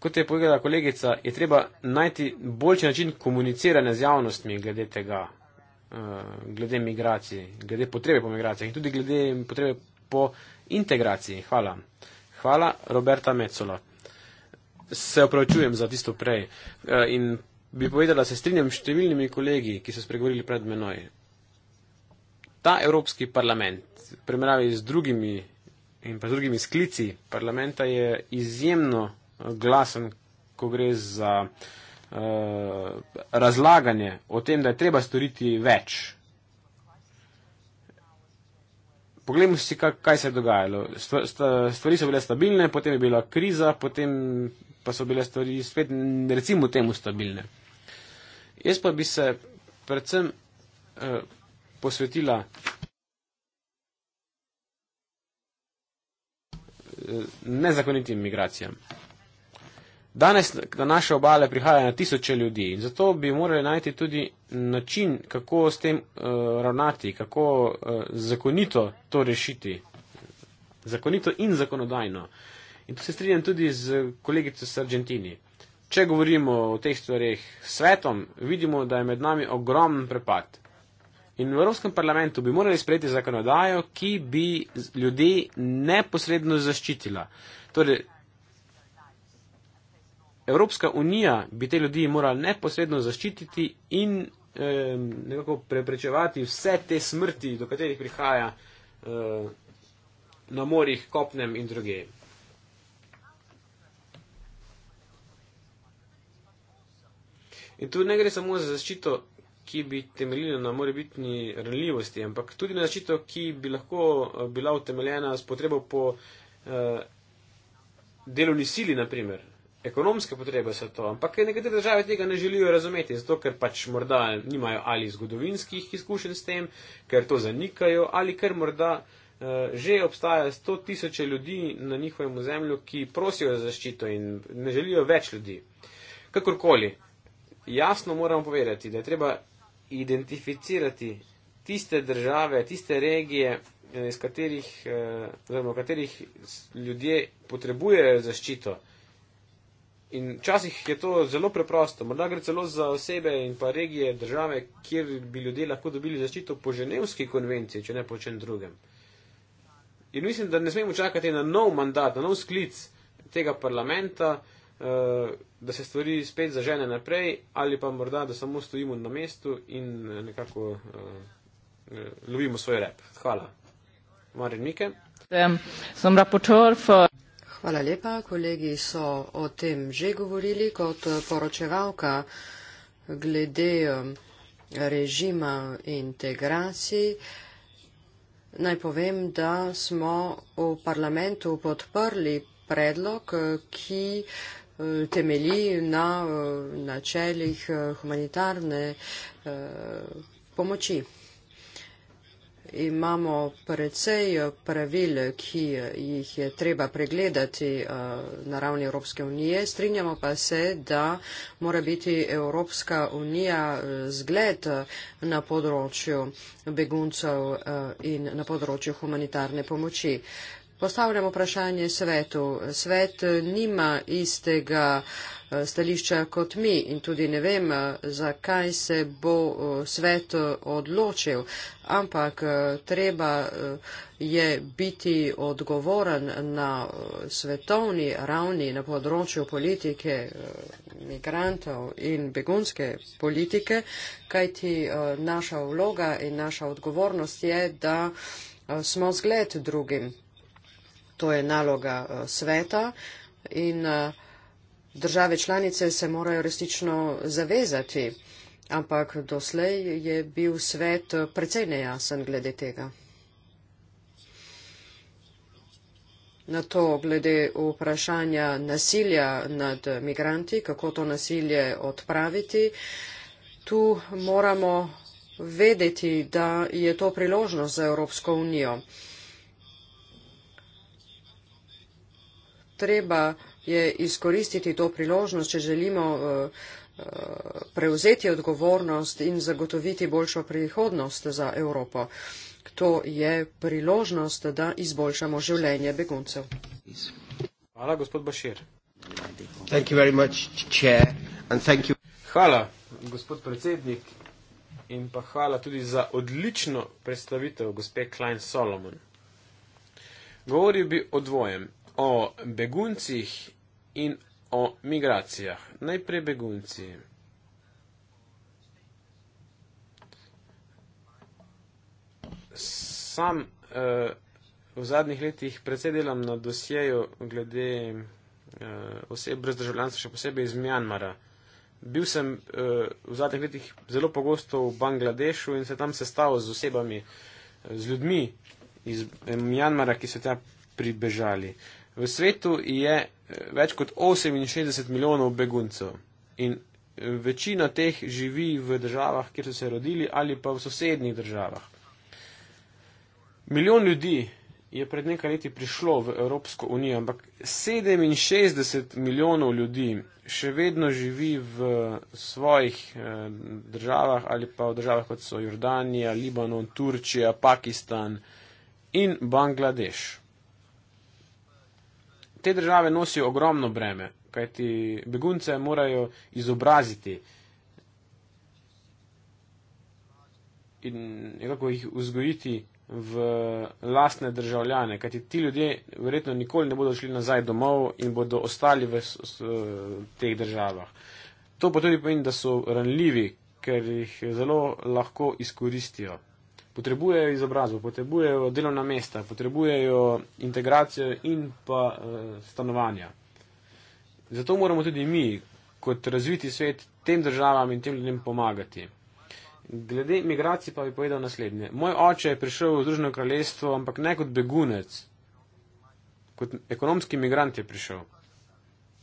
kot je povedala kolegica, je treba najti boljši način komuniciranja z javnostmi glede tega, uh, glede migracij, glede potrebe po migracijah in tudi glede potrebe po integraciji. Hvala. Hvala, Roberta Mecola. Se opravičujem za tisto prej. Uh, in bi povedala, se strinjam s številnimi kolegi, ki so spregovorili pred menoj. Ta Evropski parlament, v primerjavi z drugimi in pa z drugimi sklici parlamenta, je izjemno eh, glasen, ko gre za uh, razlaganje o tem, da je treba storiti več. Poglejmo si, kaj se je dogajalo. Stvari so bile stabilne, potem je bila kriza, potem pa so bile stvari spet, recimo, temu stabilne. Jaz pa bi se predvsem eh, posvetila eh, nezakonitim migracijam. Danes na naše obale prihaja na tisoče ljudi in zato bi morali najti tudi način, kako s tem uh, ravnati, kako uh, zakonito to rešiti. Zakonito in zakonodajno. Uh, In tu se strinjam tudi z kolegico iz Argentini. Če govorimo o teh stvarih s svetom, vidimo, da je med nami ogromen prepad. In v Evropskem parlamentu bi morali sprejeti zakonodajo, ki bi ljudi neposredno zaščitila. Torej, Evropska unija bi te ljudi morala neposredno zaščititi in eh, nekako preprečevati vse te smrti, do katerih prihaja eh, na morjih, kopnem in drugem. In tu ne gre samo za zaščito, ki bi temeljila na morebitni ranljivosti, ampak tudi na zaščito, ki bi lahko eh, bila utemeljena s potrebo po eh, delovni sili, naprimer. Ekonomske potrebe so to, ampak nekatere države tega ne želijo razumeti, zato ker pač morda nimajo ali zgodovinskih izkušenj s tem, ker to zanikajo ali ker morda eh, že obstaja sto tisoče ljudi na njihovem zemlju, ki prosijo za zaščito in ne želijo več ljudi. Kakorkoli, jasno moramo povedati, da je treba identificirati tiste države, tiste regije, eh, iz katerih, eh, oziroma, katerih ljudje potrebujejo zaščito. In včasih je to zelo preprosto, morda gre celo za osebe in pa regije, države, kjer bi ljudje lahko dobili zaščito po Ženevski konvenciji, če ne po čem drugem. In mislim, da ne smemo čakati na nov mandat, na nov sklic tega parlamenta, Eh, da se stvari spet zažene naprej ali pa morda, da samo stojimo na mestu in eh, nekako uh, lovimo svoj rep. Hvala. Marin Mike. Sem rapočorf. Hvala lepa. Kolegi so o tem že govorili kot poročevalka glede režima integracij. Naj povem, da smo v parlamentu podprli predlog, ki temelji na eh, načelih eh, humanitarne eh, pomoči. Imamo precej pravil, ki jih je treba pregledati na ravni Evropske unije. Strinjamo pa se, da mora biti Evropska unija zgled na področju beguncev in na področju humanitarne pomoči. Postavljam vprašanje svetu. Svet nima istega eh, stališča kot mi in tudi ne vem, eh, zakaj se bo eh, svet odločil, ampak treba je biti odgovoren na svetovni ravni na področju politike migrantov in begunske politike, kajti naša vloga in naša odgovornost je, da smo zgled drugim. To je naloga eh, sveta in eh, države članice se morajo resnično zavezati, ampak doslej je bil svet precej nejasen glede tega. Na to glede vprašanja nasilja nad migranti, kako to nasilje odpraviti, tu moramo vedeti, da je to priložnost za Evropsko unijo. treba je izkoristiti to priložnost, če želimo eh, eh, prevzeti odgovornost in zagotoviti boljšo prihodnost za Evropo. To je priložnost, da izboljšamo življenje beguncev. Hvala, gospod Bašir. Thank you very much, chair, and thank you. Hvala, gospod predsednik, in pa hvala tudi za odlično predstavitev gospe Klein Solomon. Govoril bi o dvojem o beguncih in o migracijah. Najprej begunci. Sam uh, v zadnjih letih predvsej delam na dosjeju glede uh, oseb brez državljanstva, še posebej iz Mjanmara. Bil sem uh, v zadnjih letih zelo pogosto v Bangladešu in se tam sestavil z osebami, z ljudmi iz Mjanmara, ki so tam pribežali. Uh, V svetu je eh, več kot 68 milijonov beguncev in eh, večina teh živi v državah, kjer so se rodili ali pa v sosednjih državah. Milijon ljudi je pred nekaj leti prišlo v Evropsko unijo, ampak 67 milijonov ljudi še vedno živi v svojih eh, državah ali pa v državah kot so Jordanija, Libanon, Turčija, Pakistan in Bangladeš te države nosijo ogromno breme, kajti begunce morajo izobraziti in nekako jih vzgojiti v lastne državljane, kajti ti ljudje verjetno nikoli ne bodo šli nazaj domov in bodo ostali v teh državah. To pa tudi pomeni, da so ranljivi, ker jih zelo lahko izkoristijo potrebujejo izobrazbo, potrebujejo delovna mesta, potrebujejo integracijo in pa uh, stanovanja. Zato moramo tudi mi, kot razviti svet, tem državam in tem ljudem pomagati. Glede migracij pa bi povedal naslednje. Moj oče je prišel v Združeno kraljestvo, ampak ne kot begunec, kot ekonomski migrant je prišel.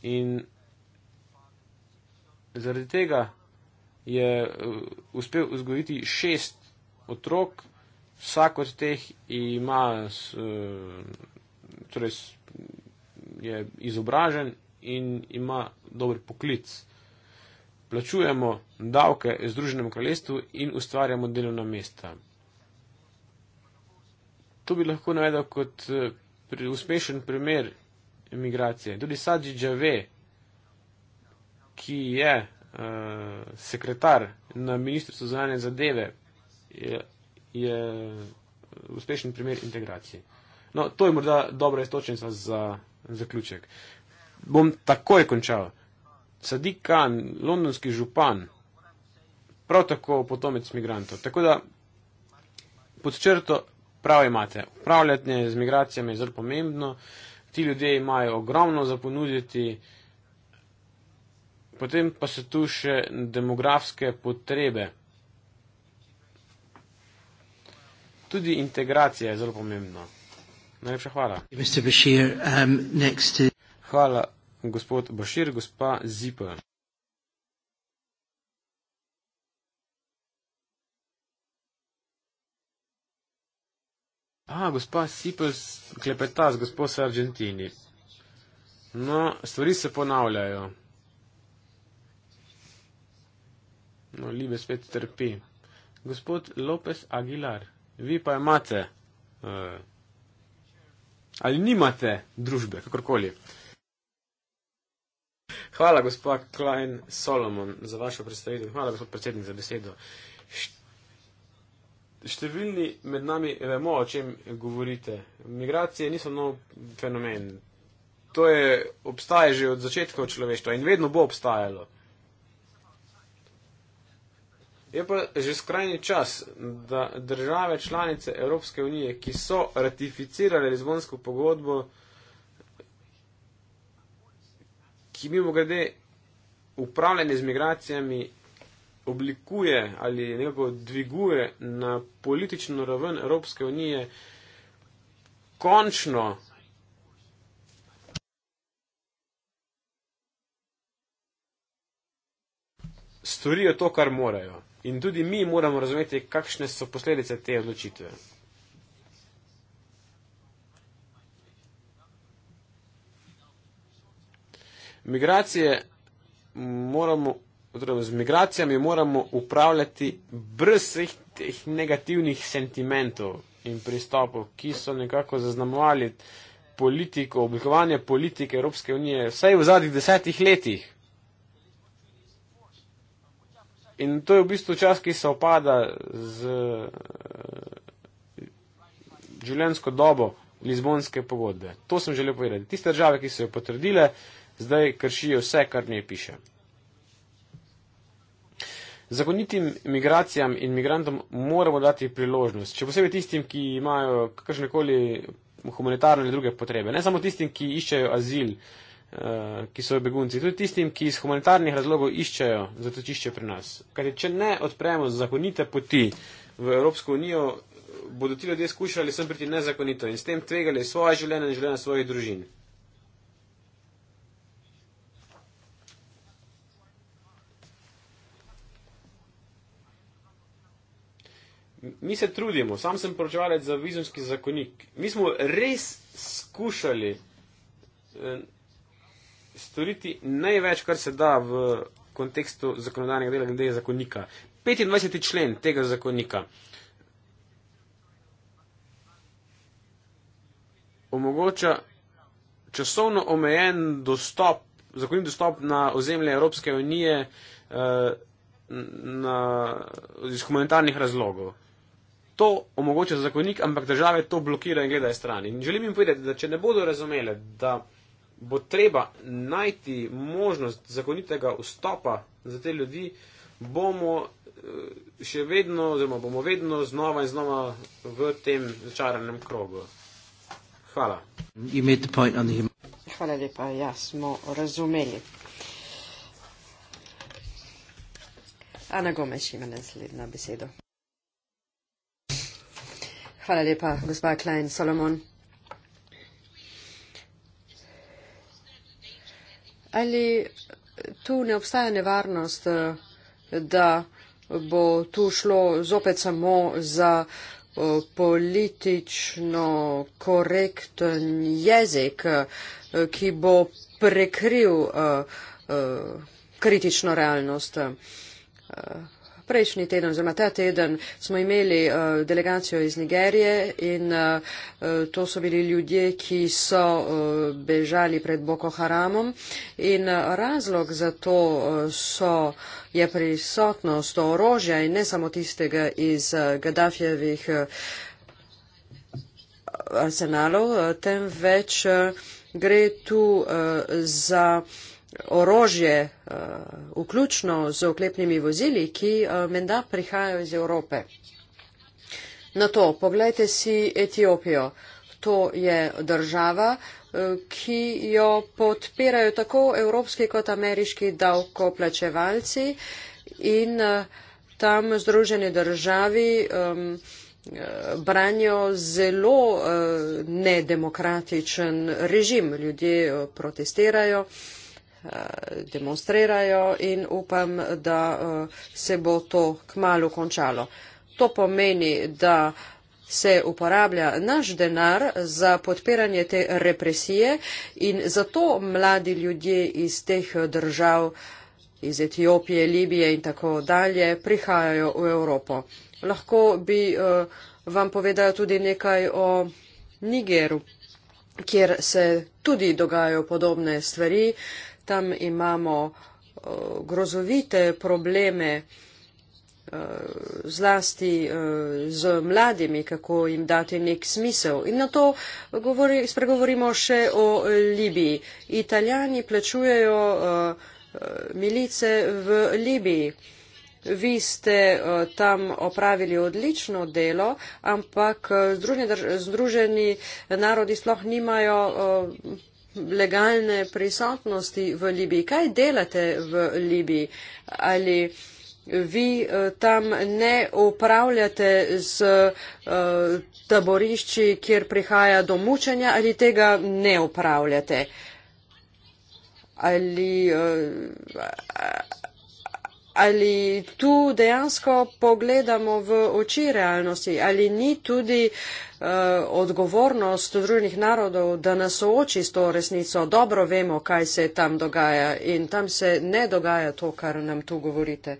In zaradi tega je eh, uspel vzgojiti šest otrok, vsak od teh ima, torej je izobražen in ima dober poklic. Plačujemo davke Združenemu kraljestvu in ustvarjamo delovna mesta. To bi lahko navedel kot uspešen primer emigracije. Tudi Sadži Džave, ki je uh, sekretar na Ministrstvu zvanje zadeve, je uspešen primer integracije. No, to je morda dobra istočnica za zaključek. Bom takoj končal. Sadik Khan, londonski župan, prav tako potomec migrantov. Tako da, pod črto, prav imate. Upravljanje z migracijami je zelo pomembno. Ti ljudje imajo ogromno za ponuditi. Potem pa so tu še demografske potrebe. tudi integracija je zelo pomembna. Najlepša hvala. Bashir, um, to... Hvala, gospod Bašir, gospa Zipa. A, gospa Sipel klepeta z gospod se Argentini. No, stvari se ponavljajo. No, Libe spet trpi. Gospod Lopes Aguilar vi pa imate uh, ali nimate družbe, kakorkoli. Hvala, gospod Klein Solomon, za vašo predstavitev. Hvala, gospod predsednik, za besedo. Številni med nami vemo, o čem govorite. Migracije niso nov fenomen. To je, obstaja že od začetka človeštva in vedno bo obstajalo. Je pa že skrajni čas, da države članice Evropske unije, ki so ratificirale Lizbonsko pogodbo, ki mimo grede upravljanje z migracijami oblikuje ali nekako dviguje na politično raven Evropske unije, končno. Storijo to, kar morajo. In tudi mi moramo razumeti, kakšne so posledice te odločitve. Migracije moramo, oziroma z migracijami moramo upravljati brez vseh teh negativnih sentimentov in pristopov, ki so nekako zaznamovali politiko, oblikovanje politike Evropske unije vsaj v zadnjih desetih letih. In to je v bistvu čas, ki se opada z eh, življenjsko dobo Lizbonske pogodbe. To sem želel povedati. Tiste države, ki so jo potrdile, zdaj kršijo vse, kar v njej piše. Zakonitim migracijam in migrantom moramo dati priložnost, še posebej tistim, ki imajo kakršnekoli humanitarne ali druge potrebe. Ne samo tistim, ki iščejo azil, Eh, ki so begunci, tudi tistim, ki iz humanitarnih razlogov iščejo zatočišče pri nas. Ker če ne odpremo zakonite poti v Evropsko unijo, bodo ti ljudje skušali sem priti nezakonito in s tem tvegali svoje življenje in življenje svojih družin. Mi se trudimo, sam sem poročevalec za vizumski zakonik. Mi smo res skušali eh, storiti največ, kar se da v kontekstu zakonodajnega dela, glede zakonika. 25. člen tega zakonika omogoča časovno omejen dostop, zakonit dostop na ozemlje Evropske unije eh, na, iz humanitarnih razlogov. To omogoča zakonik, ampak države to blokirajo in gledajo stran. In želim jim povedati, da če ne bodo razumele, da bo treba najti možnost zakonitega vstopa za te ljudi, bomo eh, še vedno, oziroma bomo vedno znova in znova v tem začaranem krogu. Hvala. Hvala lepa, ja, smo razumeli. Ana Gomeš ima naslednjo besedo. Hvala lepa, gospod Klein Solomon. Ali tu ne obstaja nevarnost, eh, da bo tu šlo zopet samo za eh, politično korekten jezik, eh, ki bo prekril kritično realnost? prejšnji teden, oziroma ta teden, smo imeli uh, delegacijo iz Nigerije in uh, to so bili ljudje, ki so uh, bežali pred Boko Haramom in uh, razlog za to uh, so, je prisotnost orožja in ne samo tistega iz uh, Gaddafjevih uh, arsenalov, uh, temveč uh, gre tu uh, za orožje, eh, vključno z oklepnimi vozili, ki eh, menda prihajajo iz Evrope. Na to, pogledajte si Etiopijo. To je država, eh, ki jo podpirajo tako evropski kot ameriški davkoplačevalci in tam združeni državi branijo zelo nedemokratičen režim. Ljudje protestirajo. Eh, demonstrirajo in upam, da eh, se bo to kmalo končalo. To pomeni, da se uporablja naš denar za podpiranje te represije in zato mladi ljudje iz teh držav, iz Etiopije, Libije in tako dalje, prihajajo v Evropo. Lahko bi eh, vam povedal tudi nekaj o Nigeru, kjer se tudi dogajajo podobne stvari tam imamo uh, grozovite probleme eh, zlasti eh, z mladimi, kako jim dati nek smisel. In na to govori, spregovorimo še o Libiji. Italijani plačujejo milice v Libiji. Vi ste tam opravili odlično delo, ampak Združeni narodi sploh nimajo legalne prisotnosti v Libiji. Kaj delate v Libiji? Ali vi eh, tam ne upravljate z eh, taborišči, kjer prihaja do mučenja, ali tega ne upravljate? Ali, eh, ali tu dejansko pogledamo v oči realnosti, ali ni tudi uh, odgovornost družnih narodov, da nas sooči s to resnico, dobro vemo, kaj se tam dogaja in tam se ne dogaja to, kar nam tu govorite.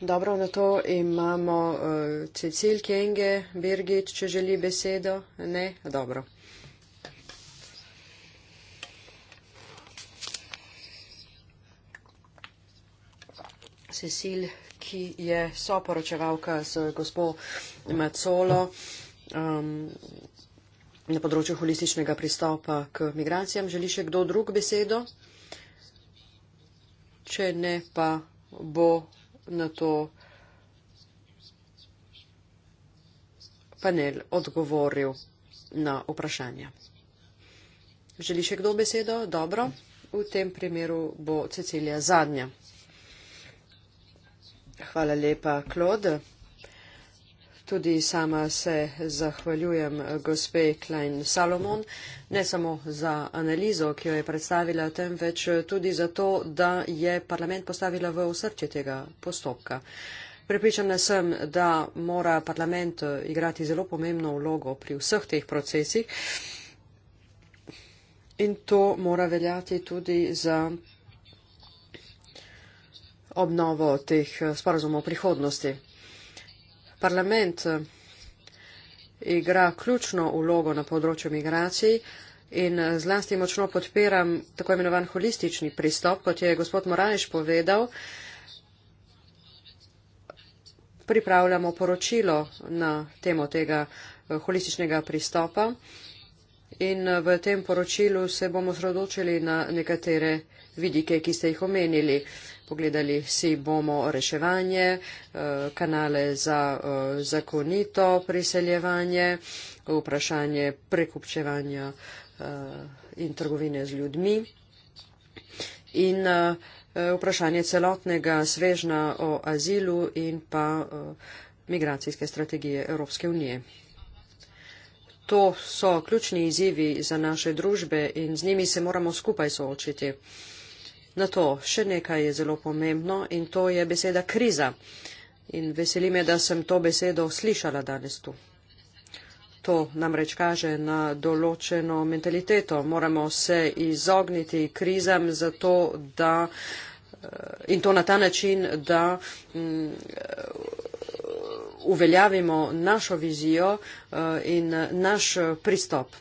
Dobro, na to imamo uh, Cecil Kenge, Birgit, če želi besedo. Ne? Dobro. Cecil, ki je soporočevalka z gospo Macolo um, na področju holističnega pristopa k migracijam. Želi še kdo drug besedo? Če ne, pa bo na to panel odgovoril na vprašanja. Želi še kdo besedo? Dobro. V tem primeru bo Cecilija zadnja. Hvala lepa, Claude. Tudi sama se zahvaljujem gospe Klein Salomon, ne samo za analizo, ki jo je predstavila, temveč tudi za to, da je parlament postavila v osrčje tega postopka. Prepričana sem, da mora parlament igrati zelo pomembno vlogo pri vseh teh procesih in to mora veljati tudi za obnovo teh eh, sporazumov v prihodnosti. Parlament eh, igra ključno ulogo na področju migracij in eh, zlasti močno podpiram tako imenovan holistični pristop, kot je gospod Moraješ povedal. Pripravljamo poročilo na temo tega holističnega pristopa in v tem poročilu se bomo zrodočili na nekatere vidike, ki ste jih omenili. Pogledali si bomo reševanje, eh, kanale za eh, zakonito priseljevanje, vprašanje prekupčevanja eh, in trgovine z ljudmi in vprašanje celotnega svežna o azilu in pa migracijske strategije Evropske unije. To so ključni izzivi za naše družbe in z njimi se moramo skupaj soočiti. Na to še nekaj je zelo pomembno in to je beseda kriza. In veseli me, da sem to besedo slišala danes tu. To namreč kaže na določeno mentaliteto. Moramo se izogniti krizam zato, da eh, in to na ta način, da mm, uveljavimo našo vizijo eh, in naš pristop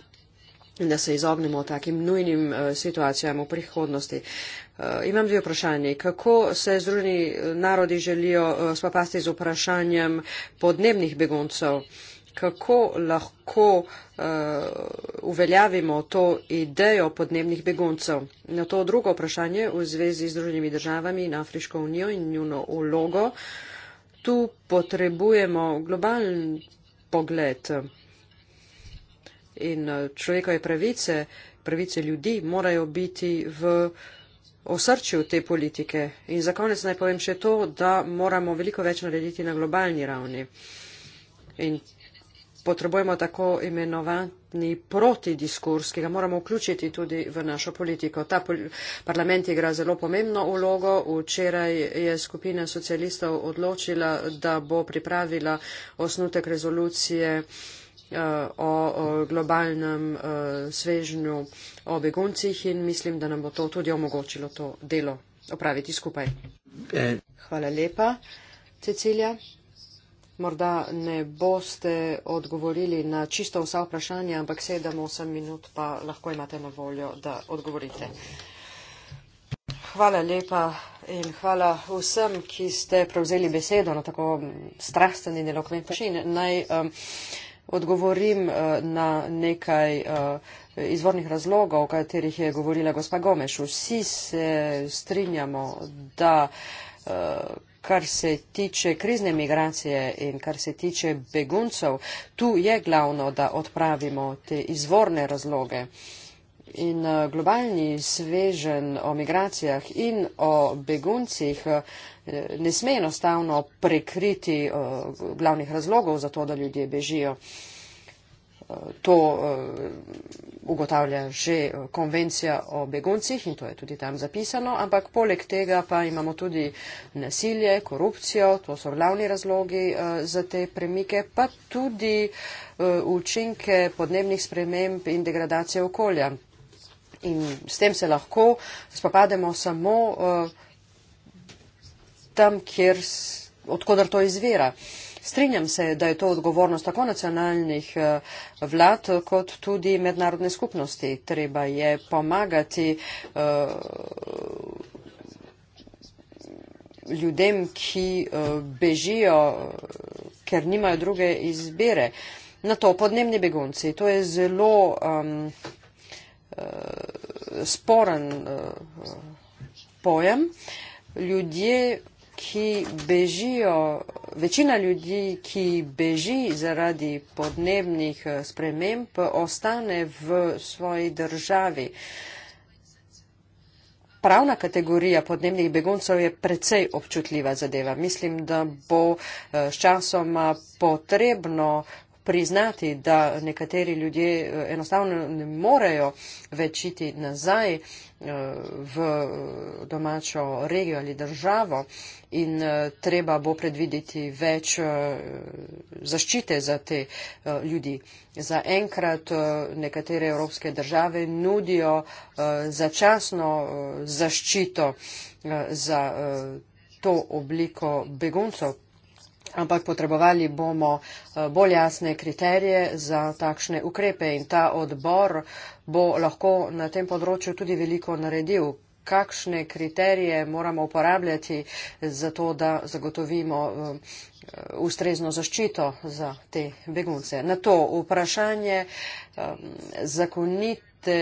in da se izognemo takim nujnim eh, situacijam v prihodnosti. Eh, imam dve vprašanje. Kako se Združeni eh, narodi želijo eh, spopasti z vprašanjem podnebnih begoncev? Kako lahko uh, uveljavimo to idejo podnebnih beguncev? Na to drugo vprašanje v zvezi z Združenimi državami in Afriško unijo in njuno ulogo, tu potrebujemo globalen pogled in človekove pravice, pravice ljudi morajo biti v uh, osrčju te politike. In za konec naj povem še to, da moramo veliko več narediti na globalni ravni. In potrebujemo tako imenovani protidiskurs, ki ga moramo vključiti tudi v našo politiko. Ta pol parlament igra zelo pomembno ulogo. Včeraj je skupina socialistov odločila, da bo pripravila osnutek rezolucije. Eh, o globalnem eh, svežnju o beguncih in mislim, da nam bo to tudi omogočilo to delo opraviti skupaj. Eh. Hvala lepa, Cecilija. Morda ne boste odgovorili na čisto vsa vprašanja, ampak 7-8 minut pa lahko imate na voljo, da odgovorite. Hvala lepa in hvala vsem, ki ste prevzeli besedo na tako strasten in elokventen način. Naj um, odgovorim eh, na nekaj eh, izvornih razlogov, o katerih je govorila gospa Gomeš. Vsi se strinjamo, da eh, kar se tiče krizne migracije in kar se tiče beguncev, tu je glavno, da odpravimo te izvorne razloge in eh, globalni svežen o migracijah in o beguncih eh, ne sme enostavno prekriti eh, glavnih razlogov za to, da ljudje bežijo. To ugotavlja že konvencija o beguncih in to je tudi tam zapisano, ampak poleg tega pa imamo tudi nasilje, korupcijo, to so glavni razlogi za te premike, pa tudi učinke podnebnih sprememb in degradacije okolja in s tem se lahko spopademo samo uh, tam, kjer, odkudar to izvira. Strinjam se, da je to odgovornost tako nacionalnih eh, vlad, kot tudi mednarodne skupnosti. Treba je pomagati uh, ljudem, ki uh, bežijo, ker nimajo druge izbire. Na to podnebni begunci. To je zelo um, sporen eh, pojem. Ljudje, ki bežijo, večina ljudi, ki beži zaradi podnebnih eh, sprememb, ostane v svoji državi. Pravna kategorija podnebnih beguncev je precej občutljiva zadeva. Mislim, da bo eh, s časoma potrebno priznati, da nekateri ljudje eh, enostavno ne morejo večiti nazaj eh, v eh, domačo regijo ali državo in treba bo predvideti več zaščite za te ljudi. Za enkrat nekatere evropske države nudijo začasno zaščito za to obliko beguncov, ampak potrebovali bomo eh, bolj jasne kriterije za takšne ukrepe in ta odbor bo lahko na tem področju tudi veliko naredil. Kakšne kriterije moramo uporabljati za to, da zagotovimo eh, ustrezno zaščito za te begunce? Na to vprašanje eh, zakonite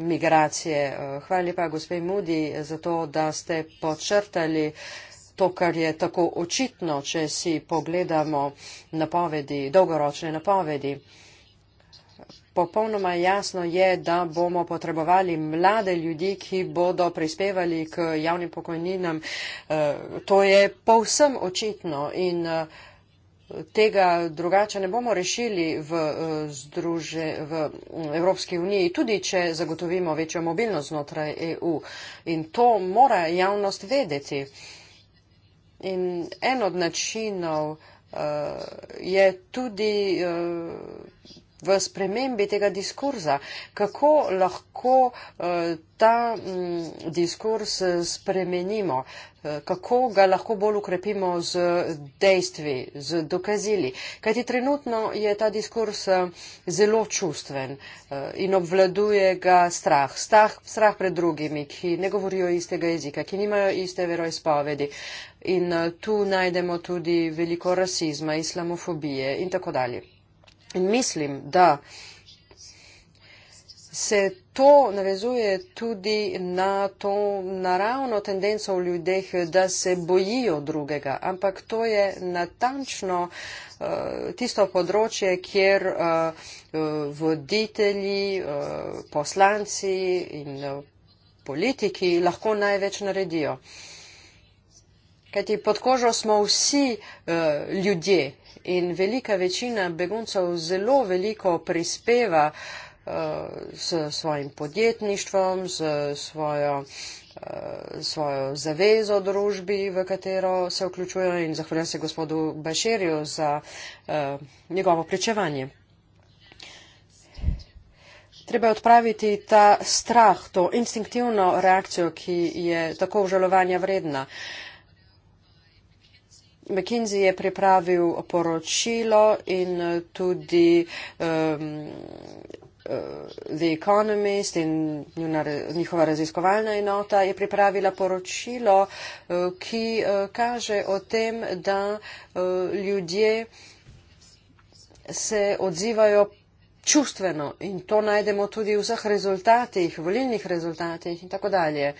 migracije. Hvala lepa, gospe Mudi, za to, da ste podčrtali to, kar je tako očitno, če si pogledamo napovedi, dolgoročne napovedi. Popolnoma jasno je, da bomo potrebovali mlade ljudi, ki bodo prispevali k javnim pokojninam. E, to je povsem očitno in e, tega drugače ne bomo rešili v, e, združe, v Evropski uniji, tudi če zagotovimo večjo mobilnost znotraj EU. In to mora javnost vedeti. In en od načinov uh, je tudi uh, v spremembi tega diskurza, kako lahko eh, ta mm, diskurs eh, spremenimo, eh, kako ga lahko bolj ukrepimo z dejstvi, z dokazili. Kajti trenutno je ta diskurs zelo čustven in obvladuje ga strah. strah. Strah pred drugimi, ki ne govorijo istega jezika, ki nimajo iste veroizpovedi. In tu najdemo tudi veliko rasizma, islamofobije in tako dalje. In mislim, da se to navezuje tudi na to naravno tendenco v ljudeh, da se bojijo drugega. Ampak to je natančno uh, tisto področje, kjer uh, voditelji, uh, poslanci in politiki lahko največ naredijo. Kajti pod kožo smo vsi uh, ljudje in velika večina beguncev zelo veliko prispeva uh, s svojim podjetništvom, s svojo, uh, svojo zavezo družbi, v katero se vključujejo in zahvaljujem se gospodu Bašerju za uh, njegovo pričevanje. Treba je odpraviti ta strah, to instinktivno reakcijo, ki je tako užalovanja vredna. Uh, McKinsey je pripravil poročilo in eh, tudi um, The Economist in njuna, njihova raziskovalna enota je pripravila poročilo, eh, ki kaže o tem, da ljudje se odzivajo čustveno in to najdemo tudi v vseh rezultatih, volilnih rezultatih in tako dalje.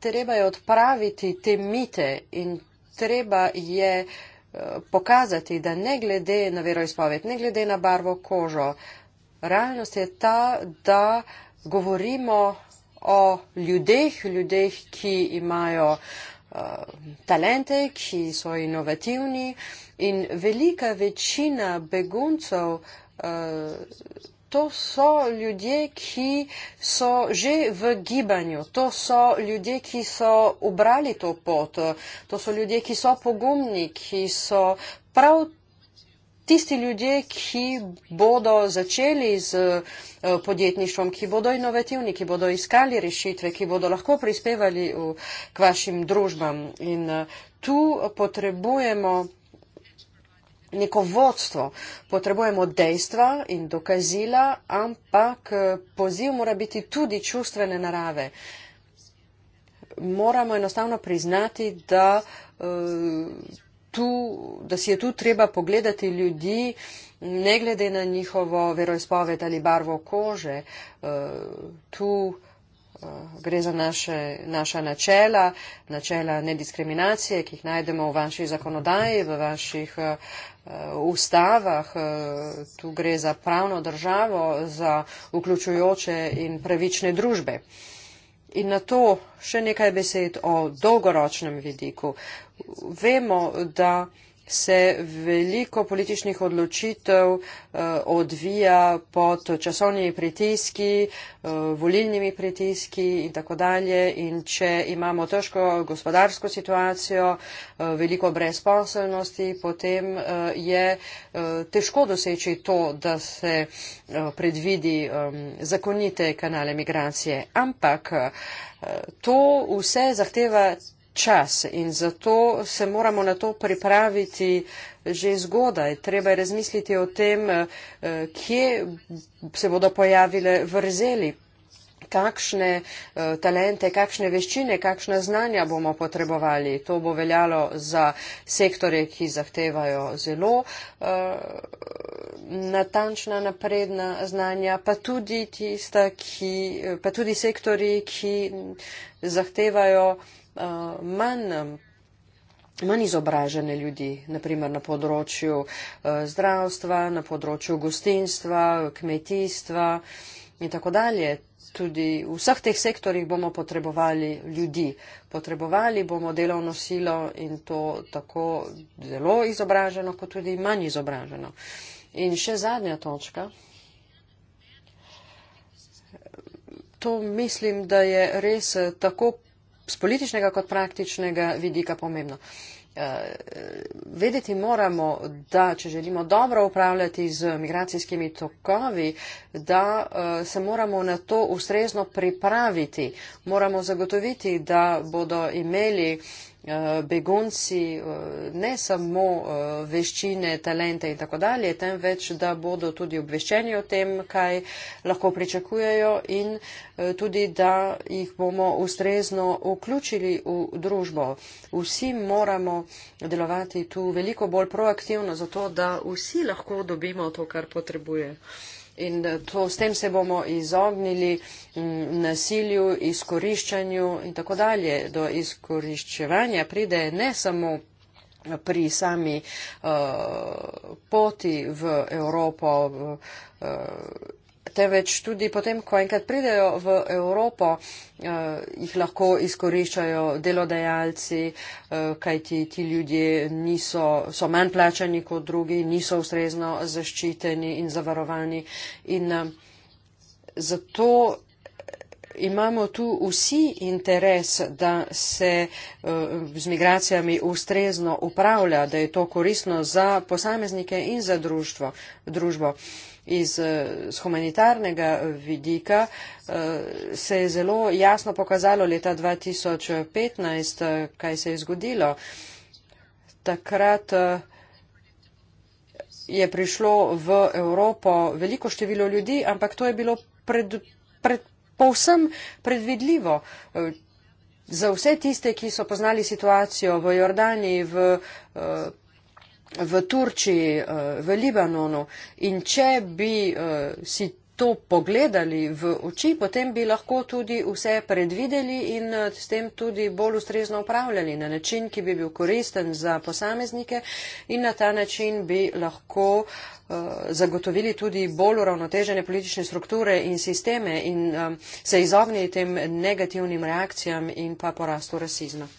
Treba je odpraviti te mite in treba je eh, pokazati, da ne glede na veroizpoved, ne glede na barvo kožo, realnost je ta, da govorimo o ljudeh, ljudeh, ki imajo eh, talente, ki so inovativni in velika večina beguncev eh, to so ljudje, ki so že v gibanju, to so ljudje, ki so obrali to pot, to so ljudje, ki so pogumni, ki so prav tisti ljudje, ki bodo začeli z eh, podjetništvom, ki bodo inovativni, ki bodo iskali rešitve, ki bodo lahko prispevali v, k vašim družbam. In eh, tu potrebujemo neko vodstvo. Potrebujemo dejstva in dokazila, ampak eh, poziv mora biti tudi čustvene narave. Moramo enostavno priznati, da, eh, tu, da si je tu treba pogledati ljudi, ne glede na njihovo veroizpoved ali barvo kože. Eh, tu Eh, gre za naše, naša načela, načela nediskriminacije, ki jih najdemo v vaši zakonodaji, v vaših eh, ustavah. Eh, tu gre za pravno državo, za vključujoče in pravične družbe. In na to še nekaj besed o dolgoročnem vidiku. Vemo, da se veliko političnih odločitev eh, odvija pod časovnimi pritiski, eh, volilnimi pritiski in tako dalje. In če imamo težko gospodarsko situacijo, eh, veliko brezposobnosti, potem je težko doseči to, da se predvidi ehm, zakonite kanale migracije. Ampak to vse zahteva čas in zato se moramo na to pripraviti že zgodaj. Treba je razmisliti o tem, eh, kje se bodo pojavile vrzeli kakšne eh, talente, kakšne veščine, kakšna znanja bomo potrebovali. To bo veljalo za sektore, ki zahtevajo zelo uh, natančna, napredna znanja, pa tudi, tista, ki, pa tudi sektori, ki zahtevajo uh, uh, manj, manj izobražene ljudi, naprimer na področju uh, zdravstva, na področju gostinstva, kmetijstva in tako dalje. Tudi v vseh teh sektorjih bomo potrebovali ljudi. Potrebovali bomo delovno silo in to tako zelo izobraženo, kot tudi manj izobraženo. In še zadnja točka. To mislim, da je res eh, tako z političnega kot praktičnega vidika pomembno. Eh, vedeti moramo, da če želimo dobro upravljati z migracijskimi tokovi, da eh, se moramo na to ustrezno pripraviti. Moramo zagotoviti, da bodo imeli Eh, begunci eh, ne samo eh, veščine, talente in tako dalje, temveč da bodo tudi obveščeni o tem, kaj lahko pričakujejo in tudi, da jih bomo ustrezno vključili v družbo. Vsi moramo delovati tu veliko bolj proaktivno, zato da vsi lahko dobimo to, kar potrebujejo in eh, to, s tem se bomo izognili mm, nasilju, izkoriščanju in tako dalje. Do izkoriščevanja pride ne samo pri sami uh, poti v Evropo uh, temveč tudi potem, ko enkrat pridejo v Evropo, eh, jih lahko izkoriščajo delodajalci, eh, kajti ti ljudje niso, so manj plačani kot drugi, niso ustrezno zaščiteni in zavarovani. In eh, zato imamo tu vsi interes, da se z migracijami ustrezno upravlja, da je to koristno za posameznike in za družbo. družbo iz z eh, humanitarnega vidika eh, se je zelo jasno pokazalo leta 2015, eh, kaj se je zgodilo. Takrat je prišlo v Evropo veliko število ljudi, ampak to je bilo pred, pred, povsem predvidljivo. Za vse tiste, ki so poznali situacijo v Jordani, v uh, v Turčiji, eh, v Libanonu. In če bi eh, si to pogledali v oči, potem bi lahko tudi vse predvideli in eh, s tem tudi bolj ustrezno upravljali na način, ki bi bil koristen za posameznike in na ta način bi lahko zagotovili tudi bolj uravnotežene politične strukture in sisteme in se izognili tem negativnim reakcijam in pa porastu rasizma.